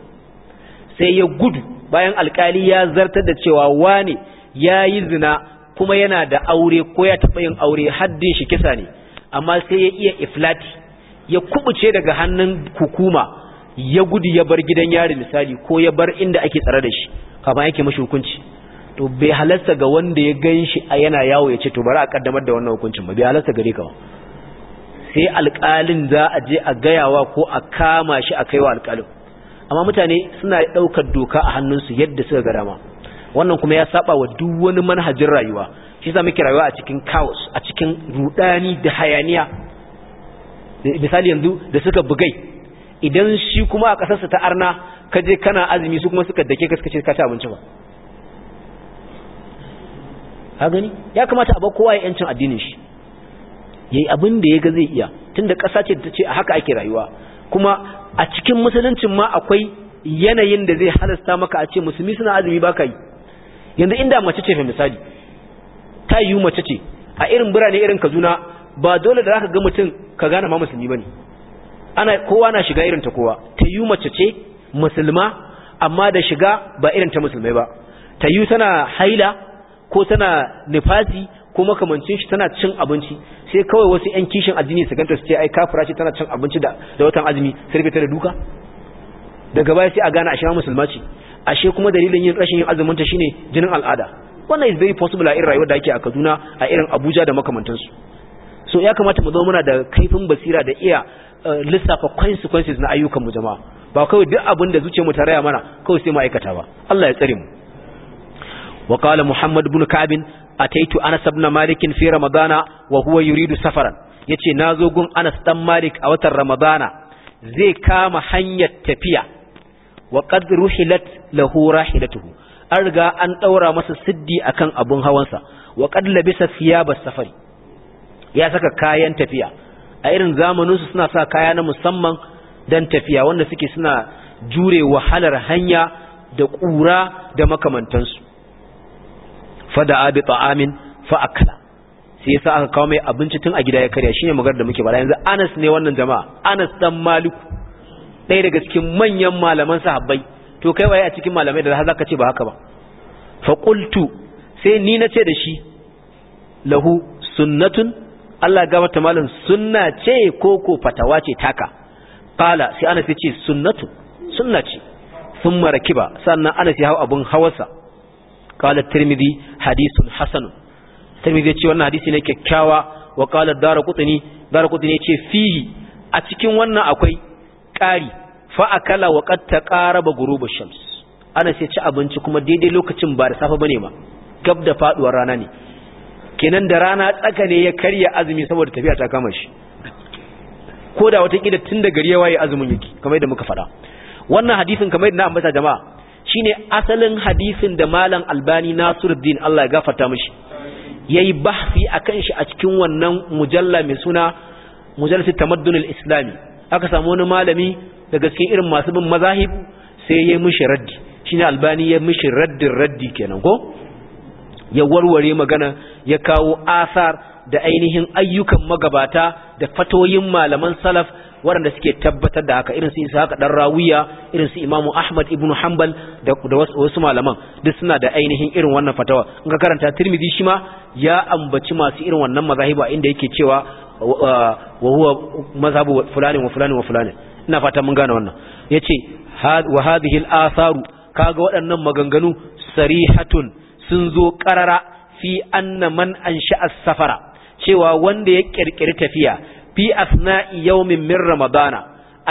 sai ya gudu bayan alkali ya zartar da cewa wane yi zina kuma yana da aure ko ya taba yin aure haddin shi kisa ne amma sai ya iya iflati ya kubuce daga hannun hukuma ya gudu ya bar gidan yari misali ko ya bar inda ake tsare da shi kama yake mashi hukunci to bai halasta ga wanda ya gan shi a yana yawo ya ce to bari a kaddamar da wannan hukuncin ba bai halasta gare ka sai alƙalin za a je a gayawa ko a kama shi a kaiwa alƙalin amma mutane suna ɗaukar doka a hannunsu yadda suka ga dama wannan kuma ya saba wa duk wani manhajin rayuwa shi za muke rayuwa a cikin chaos a cikin rudani da hayaniya misali yanzu da suka bugai idan shi kuma a kasarsa ta arna ka je kana azumi su kuma suka dake ka suka ce ka ci abinci ba ha gani ya kamata a bar kowa ya yancin addinin shi yayi abin da ya ga zai iya tunda ƙasa ce ta ce a haka ake rayuwa kuma a cikin musuluncin ma akwai yanayin da zai halasta maka a ce musulmi suna azumi ba ka yi yanzu inda mace ce fa misali ta yiwu mace ce a irin birane irin Kaduna ba dole da zaka ga mutum ka gane ma musulmi bane ana kowa na shiga irin ta kowa ta yiwu mace ce musulma amma da shiga ba irin ta musulmai ba ta yiwu tana haila ko tana nifasi ko makamancin shi tana cin abinci sai kawai wasu yan kishin addini su ganta su ce ai kafira ce tana cin abinci da da watan azumi sai bai ta da duka daga baya sai a gane ashe musulma ce ashe kuma dalilin yin rashin yin azumin ta shine jinin al'ada wannan is very possible a irin rayuwar da ake a Kaduna a irin Abuja da makamantansu so ya kamata mu zama muna da kaifin basira da iya eh, lissafa consequences na ayyukan mu jama'a ba kawai duk abin da mu ta raya mana kawai sai mu aikata ba Allah ya tsare mu wa qala muhammad ibn Kabin. ataitu anas ibn malik fi ramadana wa huwa yuridu safaran yace nazo gun anas dan malik a watan ramadana zai kama hanyar tafiya wa qad ruhilat lahu rahilatuhu an riga an daura masa siddi akan abun hawansa wa qad labisa thiyabas safari ya saka kayan tafiya a irin zamanin su suna sa kaya na musamman dan tafiya wanda suke suna jure wahalar hanya da ƙura da makamantansu fada abi ta'amin fa akala sai yasa aka kawo mai abinci tun a gida ya karya shine magar da muke bara yanzu Anas ne wannan jama'a Anas dan Maliku ɗaya daga cikin manyan malaman sahabbai to kai waye a cikin malamai da har zaka ce ba haka ba fa qultu sai ni nace da shi lahu sunnatun Allah ga mata malam sunna ce ko ko fatawa ce taka qala sai Anas ya ce sunnatu sunna ce thumma rakiba sannan Anas ya hawo abun hawarsa قال الترمذي حديث حسن الترمذي ce wannan hadisi ne kyakkyawa wa qala ad-darqutni darqutni yace fihi a cikin wannan akwai ƙari fa akala wa qad taqaraba ghurubu shams ana sai ci abinci kuma daidai lokacin ba da safa bane ma gab da faduwar rana ne kenan da rana tsaka ne ya karya azumi saboda tafiya ta kama shi ko da wata kida tun da gari ya waye azumin yake kamar yadda muka faɗa wannan hadisin kamar yadda na ambata jama'a shine asalin hadisin da malam albani nasiruddin Allah ya gafarta mishi yayi bahfi akan shi a cikin wannan mujalla mai suna mujallat tamaddun al-islami aka samu wani malami daga cikin irin masu bin mazahib sai yayi mishi raddi shine albani ya mishi raddin raddi kenan ko ya warware magana ya kawo asar da ainihin ayyukan magabata da fatoyin malaman salaf waɗanda suke tabbatar da haka irin su haka dan Rawiya irin su imam'u Ahmad ibn Hanbal da wasu malaman duk suna da ainihin irin wannan fatawa in ka karanta Tirmidhi shi ma ya ambaci masu irin wannan mazahiba inda yake cewa wa huwa mazhabu fulani wa fulani wa fulani ina fata mun gane wannan yace wa hadhihi al-atharu kaga waɗannan maganganu sarihatun sun zo qarara fi anna man ansha as-safara cewa wanda ya kirkiri tafiya fi asna'i yawmin min ramadana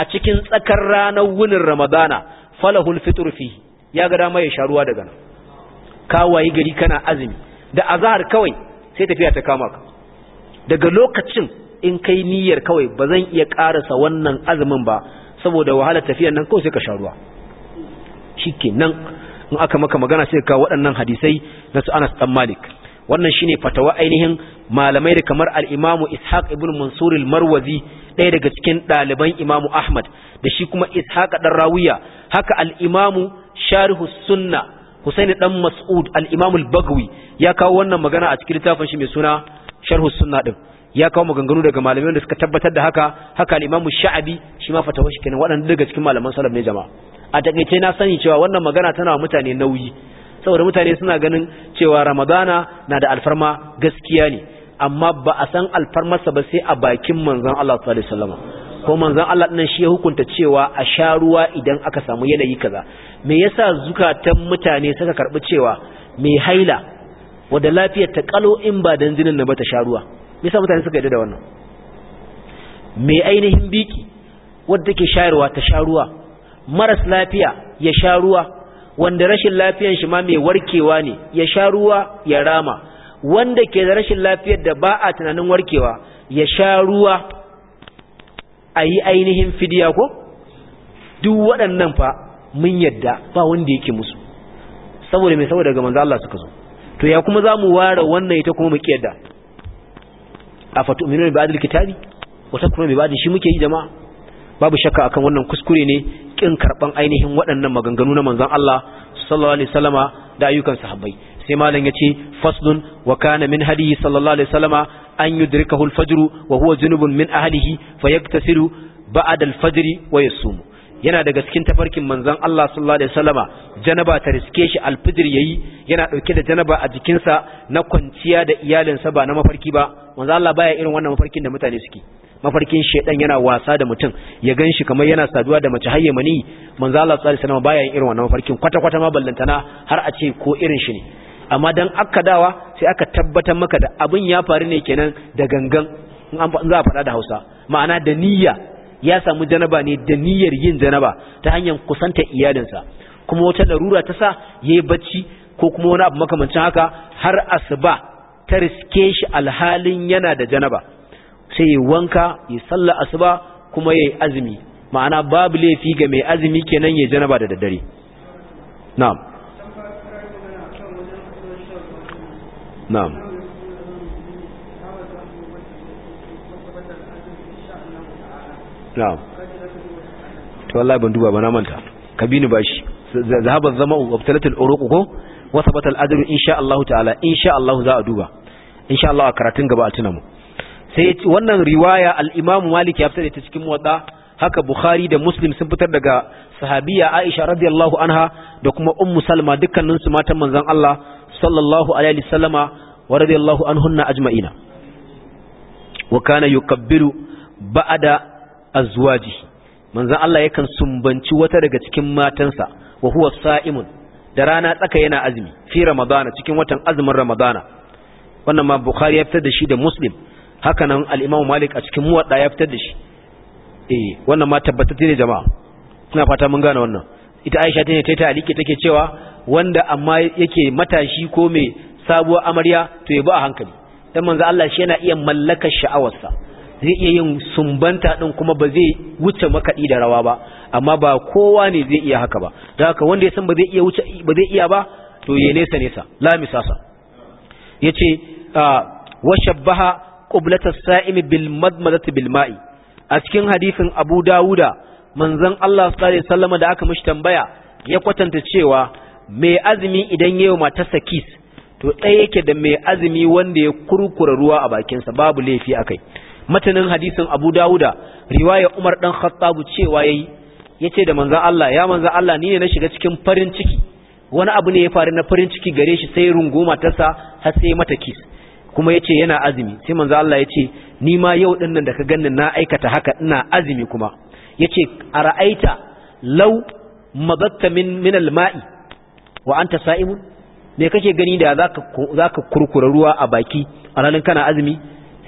a cikin tsakar ranar wunin ramadana falahul fitr fi ya ga dama ya sharuwa daga nan ka wayi gari kana azumi da azhar kawai sai tafiya ta kama ka daga lokacin in kai niyyar kawai ba zan iya karasa wannan azumin ba saboda wahala tafiyan nan kawai sai ka sharuwa shikenan in aka maka magana sai ka waɗannan hadisai na su Anas dan Malik wannan shine fatawa ainihin malamai da kamar al-Imam Ishaq ibn Mansur al-Marwazi ɗaya daga cikin ɗaliban Imam Ahmad da shi kuma Ishaq dan Rawiya haka al-Imam Sharih sunna Husain dan Mas'ud al-Imam al-Baghawi ya kawo wannan magana a cikin littafin shi mai suna Sharh sunna din ya kawo maganganu daga malamai da suka tabbatar da haka haka al-Imam Sha'abi shi ma fatawa shi kenan waɗanda daga cikin malaman salaf ne jama'a a takeice na sani cewa wannan magana tana wa mutane nauyi saboda mutane suna ganin cewa ramadana na da alfarma gaskiya ne amma ba a san alfarmarsa ba sai a bakin manzon Allah sallallahu alaihi wasallam ko manzon Allah nan shi ya hukunta cewa a sha ruwa idan aka samu yanayi kaza me yasa zukatan mutane suka karbi cewa me haila wanda lafiyar ta kalo in ba dan jinin na ba ta sha ruwa me yasa mutane suka yadda da wannan me ainihin biki wanda take shayarwa ta sha ruwa maras lafiya ya sha ruwa wanda rashin lafiyar shi ma mai warkewa ne ya sha ruwa ya rama wanda ke da rashin lafiyar da ba a tunanin warkewa ya sha ruwa a yi ainihin fidiya ko duk waɗannan fa mun yadda ba wanda yake musu saboda mai saboda ga manzo Allah suka zo to ya kuma zamu ware wannan ita kuma mu kiyarda afatu'minuna bi ba'dil kitabi wa takfuruna bi ba'd shi muke yi jama'a babu shakka akan wannan kuskure ne ƙin karɓan ainihin waɗannan maganganu na manzon Allah sallallahu alaihi wasallama da ayyukan sahabbai sai malam yace faslun wa kana min hadiyi sallallahu alaihi wasallama an yudrikahu al-fajr wa huwa junubun min ahlihi fayaktasilu ba'da al-fajr wa yasumu yana daga cikin tafarkin manzon Allah sallallahu alaihi wasallama janaba ta riske shi alfijir yayi yana dauke da janaba a jikinsa na kwanciya da iyalinsa ba na mafarki ba manzon Allah baya irin wannan mafarkin da mutane suke mafarkin shedan yana wasa da mutum ya ganshi kamar yana saduwa da mace hayya mani manzon Allah sallallahu alaihi wasallama baya irin wannan mafarkin kwata kwata ma ballantana har a ce ko irin shi ne amma dan dawa sai aka tabbatar maka da abin ya faru ne kenan da gangan in za a faɗa da Hausa ma'ana da niyya ya samu janaba ne da niyyar yin janaba ta hanyar kusanta iyalinsa kuma wata larura ta sa yayi bacci ko kuma wani abu makamancin haka har asuba ta riske shi alhalin yana da janaba sai ya wanka ya salla asuba kuma yayi azumi ma'ana babu laifi ga mai azumi kenan ya janaba da daddare na'am na'am na'am to wallahi ban duba ba na manta ka bi ni bashi zahaba zama'u wabtalat al-uruq ko wa thabata al-ajr insha Allah ta'ala insha Allah za a duba insha Allah a karatun gaba a tuna mu sai wannan riwaya al-Imam Malik ya fitar da cikin muwatta haka Bukhari da Muslim sun fitar daga sahabiya Aisha radiyallahu anha da kuma Ummu Salma dukkanin su matan manzon Allah sallallahu alaihi wasallama wa radiyallahu anhunna ajma'ina wa kana yukabbiru ba'da azwaji manzon Allah yakan sumbanci wata daga cikin matansa wa huwa sa'imun da rana tsaka yana azumi fi ramadana cikin watan azumin ramadana wannan ma bukhari ya fitar da shi da muslim haka nan al-imam malik a cikin muwadda ya fitar da shi eh wannan ma tabbata ne jama'a ina fata mun gane wannan ita aisha ta ne ta ta alike take cewa wanda amma yake matashi ko mai sabuwar amarya to ya bi a hankali dan manzo Allah shi yana iya mallakar sha'awarsa zai iya yin sumbanta din kuma ba zai wuce makaɗi da rawa ba amma ba kowa ne zai iya haka ba da haka wanda ya san ba zai iya wuce ba zai iya ba to ya nesa nesa la misasa yace wa shabbaha qiblat as-sa'im bil madmadati bil ma'i a cikin hadisin Abu Dawuda manzon Allah sallallahu alaihi wasallam da aka mishi tambaya ya kwatanta cewa mai azumi idan yayi matarsa kiss to ɗaya yake da mai azumi wanda ya kurkura ruwa a bakinsa babu laifi akai matanin hadisin Abu Dawuda riwaya Umar dan Khattab cewa yayi yace da manzon Allah ya manzon Allah ni ne na shiga cikin farin ciki wani abu ne ya faru na farin ciki gare shi sai runguma ta sa har sai mata kis kuma yace yana azumi sai manzon Allah yace ni ma yau din nan da ka ganni na aikata haka ina azumi kuma yace ara'aita law mabatta min min al wa anta sa'imun me kake gani da zaka zaka kurkura ruwa a baki A ranin kana azumi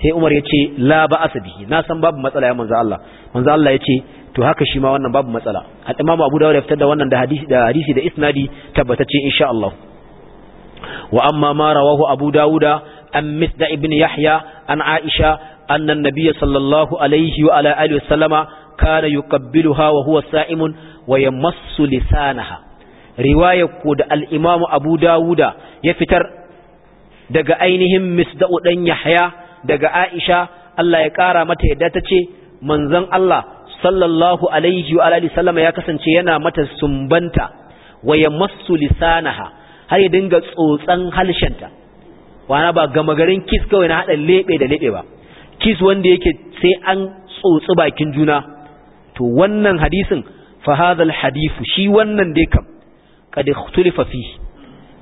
sai Umar ya ce la ba asabihi na san babu matsala ya manzo Allah manzo Allah ya ce to haka shi ma wannan babu matsala al-Imam Abu Dawud ya fitar da wannan da hadisi da hadisi da isnadi tabbatacce insha Allah wa amma ma rawahu Abu Dawud an Misda ibn Yahya an Aisha anna an-nabiy sallallahu alaihi wa ala alihi wasallama kana yuqabbiluha wa huwa sa'imun wa yamassu lisanaha riwayar ko da al-Imam Abu Dawud ya fitar daga ainihin Misda dan Yahya daga Aisha Allah ya kara mata yadda ta ce manzon Allah sallallahu alaihi wa alihi sallama ya kasance yana mata sumbanta wa yamassu lisanaha har ya dinga tsotsan halshenta wana ba gama garin kis kawai na hada lebe da lebe ba Kis wanda yake sai an tsotsi bakin juna to wannan hadisin fa hadal hadithu shi wannan dai kam qad ikhtulifa fihi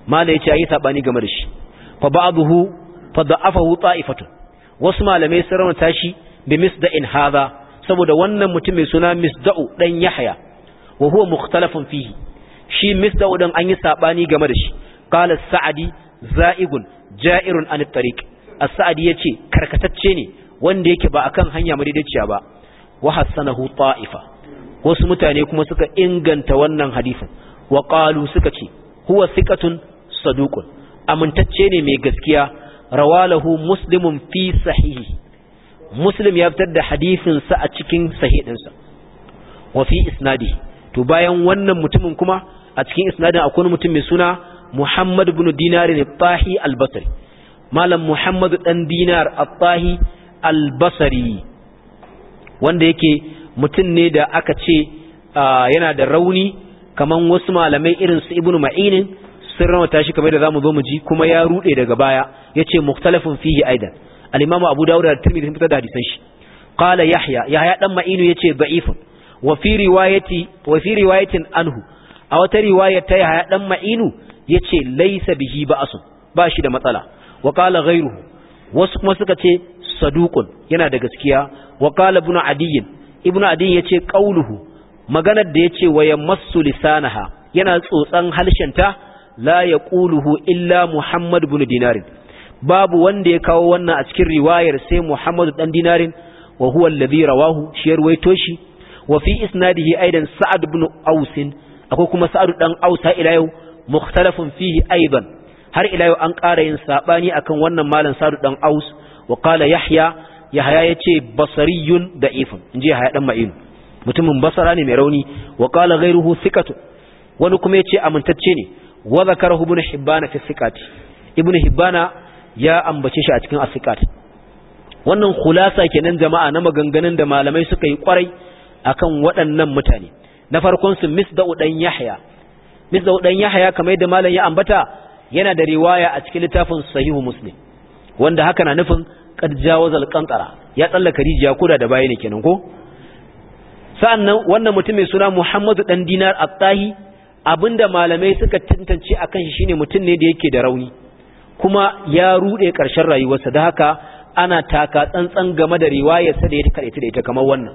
mala yace ayi sabani game da shi fa ba'dahu fa da'afahu ta'ifatun wasu malamai sun raunata shi bi misda'in hadha saboda wannan mutum mai suna misda'u dan yahya wa huwa mukhtalafun fihi shi misda'u dan an yi sabani game da shi qala sa'adi za'igun ja'irun an tariq as-sa'adi yace karkatacce ne wanda yake ba akan hanya madaidaiciya ba wa hasanahu ta'ifa wasu mutane kuma suka inganta wannan hadisin wa qalu suka ce huwa thiqatun saduqun amintacce ne mai gaskiya rawalahu muslimun fi sahihi muslim ya fitar da hadisin sa a cikin sahihinsa sa wa fi isnadi to bayan wannan mutumin kuma a cikin isnadin akwai mutum mai suna Muhammad ibn Dinar al-Tahi al-Basri malam Muhammad dan Dinar al-Tahi al-Basri wanda yake mutum ne da aka ce ah, yana da rauni kaman wasu malamai irin su Ibn Ma'inin sun raunata shi kamar da zamu zo mu ji kuma ya rude daga baya yace mukhtalafun fihi aidan al-imam abu dawud da tirmidhi sun fitar da hadisan shi qala yahya yahya dan ma'inu yace ce wa fi riwayati wa fi riwayatin anhu a wata riwaya ta yahya dan ma'inu yace laysa bihi ba'sun ba shi da matsala wa qala ghayruhu wasu kuma suka ce saduqun yana da gaskiya wa qala ibn adiy ibn adiy yace qauluhu maganar da yace wa yamassu lisanaha yana tsotsan halshenta la yaquluhu illa Muhammad ibn dinarin. babu wanda ya kawo wannan a cikin riwayar sai Muhammadu ɗan dinarin. wa huwa alladhi rawahu shi yarwaito shi wa fi isnadihi aidan Sa'ad ibn Aus akwai kuma Sa'ad dan Ausa ila yau mukhtalafun fihi aidan har ila yau an ƙara yin saɓani akan wannan malam Sa'ad dan Aus wa Yahya Yahya yace basariyun da'ifun inji Yahya ɗan Ma'in mutumin basara ne mai rauni wa qala ghayruhu wani kuma ya ce amintacce ne wa zakarahu ibn hibban fi thiqat ibn ya ambace shi a cikin as wannan khulasa kenan jama'a na maganganun da malamai suka yi kwarai akan waɗannan mutane na farkon su misda'u dan yahya misda'u dan yahya kamar da malam ya ambata yana da riwaya a cikin littafin sahihu muslim wanda haka na nufin qad jawazal qantara ya tsallaka rijiya kuda da baya ne kenan ko sa'annan wannan mutum mai suna Muhammadu dan Dinar Attahi abinda malamai suka tantance akan shi shine mutum ne da yake da rauni kuma ya rude karshen rayuwarsa da haka ana taka tsantsan game da riwayarsa da ya kaɗaita da ita kamar wannan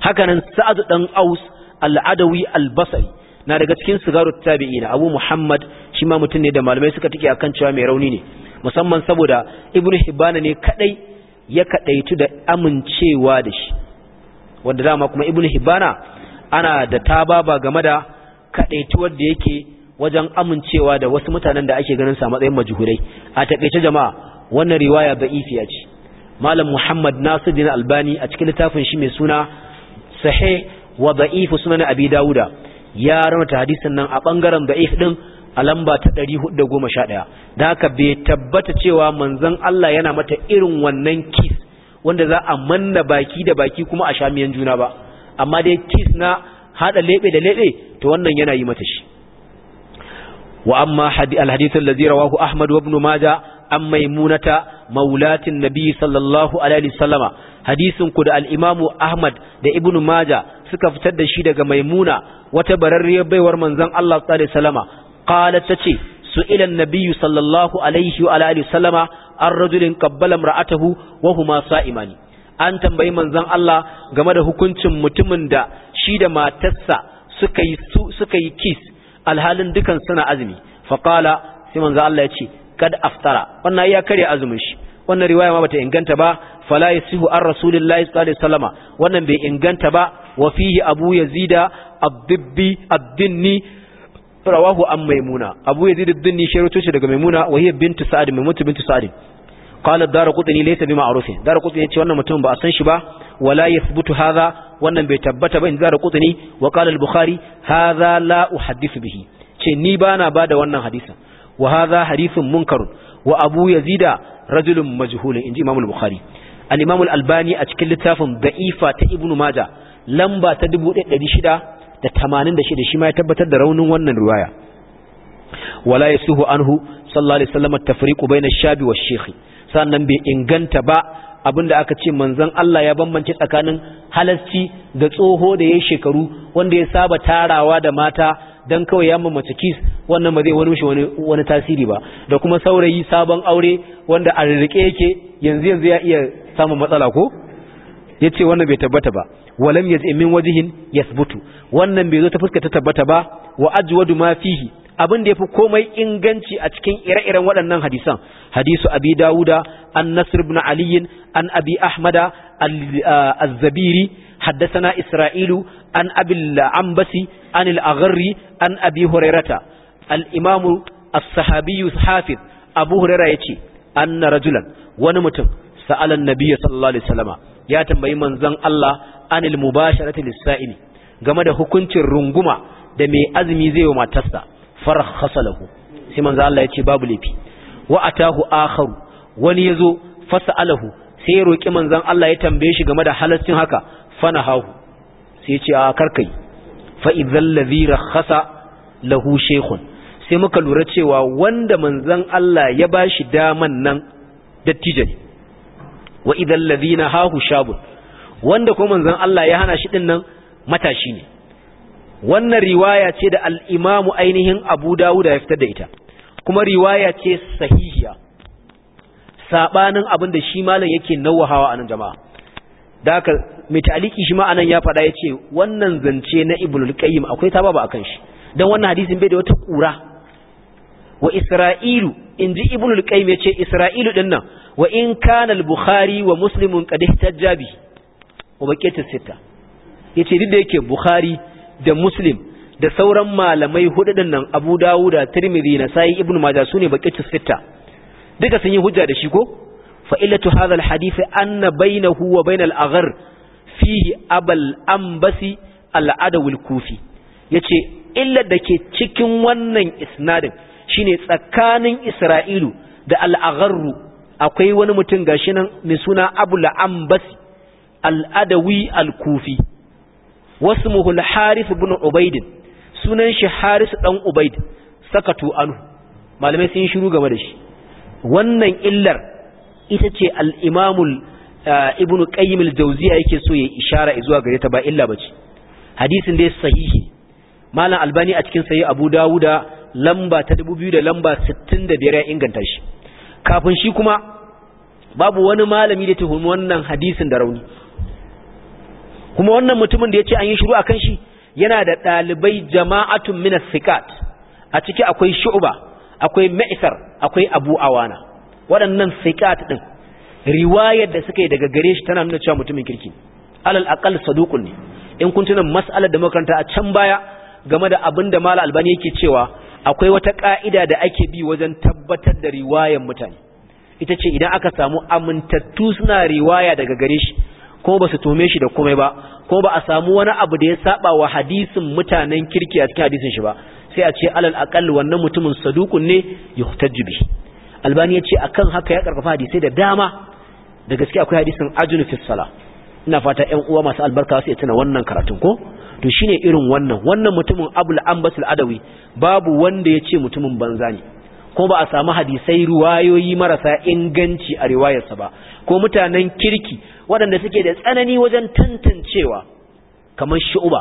hakanan sa'adu dan aus al'adawi al-basri na daga cikin sigaru tabi'ina abu muhammad shi ma mutum ne da malamai suka tike akan cewa mai rauni ne musamman saboda Ibn hibana ne kadai ya kadaitu da amincewa da shi wanda dama kuma Ibn hibana ana da tababa game da kadaituwar da yake wajen amincewa da wasu mutanen da ake ganin sa matsayin majhurai a takeice jama'a wannan riwaya da'ifiya ce malam muhammad nasiruddin albani a cikin littafin shi mai suna sahih wa da'if sunan abi dauda ya ramata hadisin nan a bangaren da'if din a lamba ta 411 da haka bai tabbata cewa manzon Allah yana mata irin wannan kiss wanda za a manna baki da baki kuma a shamiyan juna ba amma dai kiss na hada lebe da lebe to wannan yana yi mata shi wa amma alhadith alladhi rawahu ahmad ibn majah an maimunata maulatin nabi sallallahu alaihi wasallama hadisin ku da al-imamu ahmad da ibn majah suka fitar da shi daga maimuna wata bararriyar baiwar manzon Allah sallallahu alaihi wasallama qalat tace سئل النبي sallallahu alaihi wa وعلى آله وسلم عن رجل قبل امرأته وهما صائمان an tambayi manzon Allah game da hukuncin mutumin da shi da matarsa suka yi suka yi kiss alhalin dukan suna azumi faqala sai manzon Allah ya ce kad aftara wannan ya kare azumin shi wannan riwaya ma bata inganta ba fala yasihu ar rasulillahi sallallahu alaihi wasallama wannan bai inganta ba wa fihi abu yazida abdibbi abdinni rawahu an maimuna abu yazid ad-dinni shi daga maimuna wa hiya bintu sa'd maimuna bintu sa'd qala ad-darqutni laysa bima'rufin darqutni yace wannan mutum ba a san shi ba wala yathbutu hadha wannan bai tabbata ba in darqutni wa qala al-bukhari hadha la uhaddithu bihi ce ni bana bada wannan hadisin wa hadha hadithun munkarun wa abu yazida rajulun majhulun inji imam al-bukhari al-imam al-albani a cikin littafin da'ifa ta ibnu majah lamba ta 1686 shi ma ya tabbatar da raunin wannan riwaya wala yasuhu anhu sallallahu alaihi wasallam at-tafriqu bayna ash-shabi wash-shaykh sannan bai inganta ba abin da aka ce manzon Allah ya bambance tsakanin halasci da tsoho da ya shekaru wanda ya saba tarawa da mata dan kawai ya mamace kis wannan ba zai wani mishi wani tasiri ba da kuma saurayi sabon aure wanda a rike yake yanzu yanzu ya iya samun matsala ko yace wannan bai tabbata ba walam min wajhin yasbutu wannan bai zo ta fuska ta tabbata ba wa ajwadu ma fihi abin da ya fi komai inganci a cikin ire-iren waɗannan hadisan hadisu abi dawuda an nasir ibn aliyin an abi ahmada al-zabiri ah, haddasana isra'ilu an abil ambasi an al-agharri an abi hurairata al-imam as-sahabi hafiz abu huraira yace anna rajulan wani mutum sa'ala an sallallahu alaihi wasallama ya tambayi manzon Allah anil mubasharati lis-sa'ili game da hukuncin runguma da mai azumi zai wa matarsa farkhasa lahu sai manzo Allah ya ce babu lafi wa atahu akharu wani yazo fasalahu sai ya roki manzon Allah ya tambaye shi game da halaccin haka fanahahu sai ya ce a karkai fa idzal ladhi rakhasa lahu shaykhun sai muka lura cewa wanda manzon Allah ya bashi daman nan dattijo ne wa idzal ladhina hahu shabun wanda ko manzon Allah ya hana shi din nan matashi ne wannan riwaya ce da al'imamu ainihin abu dawuda ya fitar da ita kuma riwaya ce sahihiya saɓanin abin da shi malam yake hawa a nan jama'a da aka mai shi ma'anan ya faɗa ya ce wannan zance na Ibn qayyim akwai ta ba a kan shi don wannan hadisin bai da wata ƙura wa isra'ilu in ji Ibn qayyim ya ce isra'ilu ɗin nan wa in kana al-bukhari wa muslimun Kadai ta jabi wa ta sita yace duk da yake bukhari da muslim da sauran malamai hududin nan abu dawuda tirmidhi nasai ibnu majah sune baqiyatu sita duka sun yi hujja da shi ko fa illatu hadha hadith anna bainahu wa bain aghar fihi abal ambasi al al kufi yace illa dake cikin wannan isnadin shine tsakanin isra'ilu da al aghar akwai wani mutum gashi nan mai suna abul ambasi al adawi al kufi واسمه الحارث بن عبيد سنن sunan shi Harisu dan سكتو sakatu anhu malamai sun shiru game da shi wannan illar ita ce al eh, ibn qayyim al-jawziya yake so ya ishara zuwa gare ta ba illa bace hadisin dai sahihi malam albani a cikin sahih abu dawuda lamba ta 2000 da lamba 65 ya inganta shi kafin shi kuma babu wani malami da tuhumi wannan hadisin da rauni kuma wannan mutumin da ya ce an yi shiru a kan shi yana da ɗalibai jama'atun minas sikat a ciki akwai shu'uba akwai ma'isar akwai abu awana waɗannan sikat ɗin riwayar da suka yi daga gare shi tana nuna cewa mutumin kirki alal aqal saduqun ne in kun tuna mas'alar da makaranta a can baya game da abin da mala albani yake cewa akwai wata ka'ida da ake bi wajen tabbatar da riwayar mutane ita ce idan aka samu amintattu suna riwaya daga gare shi ko ba su tume shi da komai ba ko ba a samu wani abu da ya saba wa hadisin mutanen kirki a cikin hadisin shi ba sai a ce alal aqall wannan mutumin saduqun ne yuhtajju bi albani ya ce akan haka ya karfafa hadisai da dama da gaske akwai hadisin ajnu fi sala ina fata ƴan uwa masu albarka su tuna wannan karatun ko to shine irin wannan wannan mutumin abul ambasul adawi babu wanda ya ce mutumin banza ne ko ba a samu hadisai ruwayoyi marasa inganci a riwayarsa ba ko mutanen kirki waɗanda suke da tsanani wajen tantancewa kamar shu'uba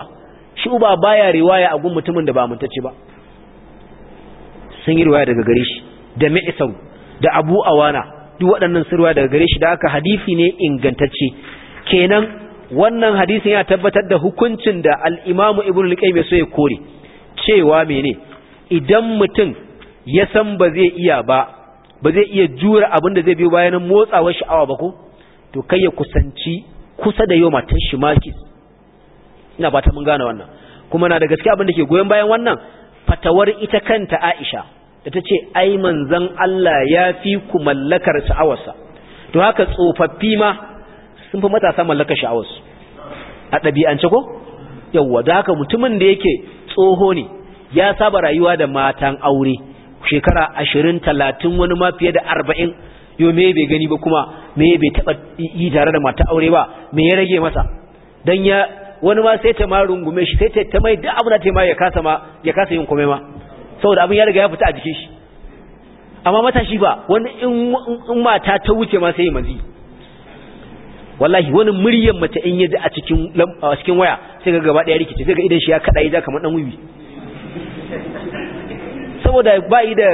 shu'uba baya riwaya a gun mutumin da ba mutacce ba sun yi riwaya daga gare shi da mi'isau da abu awana duk waɗannan sun riwaya daga gare shi da aka hadisi ne ingantacce kenan wannan hadisin ya tabbatar da hukuncin da al-imamu ya al-qayyim so ya kore cewa mene idan mutum ya san ba zai iya ba ba zai iya jura abin da zai biyo bayan motsawar sha'awa ba ko to kai ya kusanci kusa da yau matan shi maki ina ba ta mun gane wannan kuma na da gaskiya abin da ke goyon bayan wannan fatawar ita kanta Aisha da ta ce ai manzon Allah ya fi ku mallakar sha'awarsa to haka tsofaffi ma sun fi matasa mallakar sha'awarsu a ɗabi'ance ko yawwa da haka mutumin da yake tsoho ne ya saba rayuwa da matan aure shekara ashirin talatin wani ma fiye da arba'in yau me bai gani ba kuma me bai taɓa yi tare da mata aure ba me ya rage masa don ya wani ma sai ta ma rungume shi sai ta mai da abu da ta ma ya kasa ma ya kasa yin komai ma saboda abin ya riga ya fita a jikin shi amma matashi ba wani in mata ta wuce ma sai mazi wallahi wani muryar mace in yaji a cikin a cikin waya sai ga gaba daya rikice sai ga idan shi ya kada ya kamar dan wiwi saboda bai da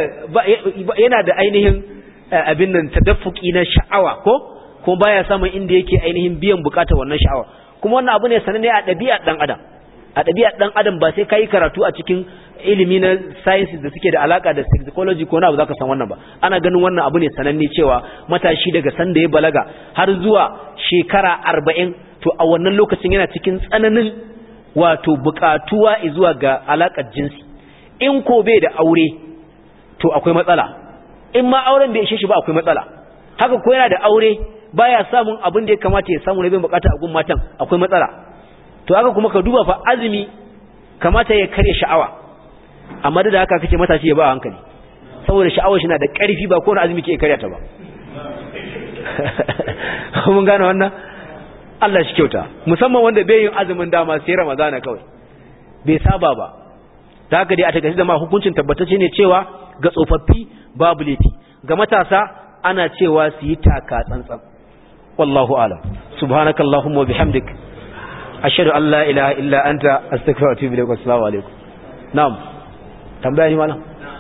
yana da ainihin eh, abin nan tadaffuki na sha'awa ko kuma baya samun inda yake ainihin biyan bukatar wannan sha'awa kuma wannan abu ne sananne a ɗabi'ar dan adam a ɗabi'ar dan adam ba sai kai karatu a cikin ilimi na sciences da suke da alaka da psychology ko na abu zaka san wannan ba ana ganin wannan abu ne sananne cewa matashi daga sanda ya balaga har zuwa shekara arba'in to a wannan lokacin yana cikin tsananin wato bukatuwa zuwa ga alakar jinsi in ko bai da aure to akwai matsala in ma auren bai ishe shi ba akwai matsala haka ko yana da aure baya samun abin da ya kamata ya samu bin bukata a gun matan akwai matsala to haka kuma ka duba fa azumi kamata ya kare sha'awa amma da haka kace matashi ya ba hankali saboda sha'awar shi na da ƙarfi ba ko na azumi ke kare ta ba mun gane wannan Allah shi kyauta musamman wanda bai yin azumin dama sai Ramadana kawai bai saba ba da haka dai a takaice da ma hukuncin tabbatacce ne cewa ga tsofaffi babu laifi ga matasa ana cewa su yi taka tsantsan wallahu alam subhanakallahumma wa bihamdik ashhadu an la ilaha illa anta astaghfiruka wa atubu ilaik assalamu alaikum na'am tambaya ni malam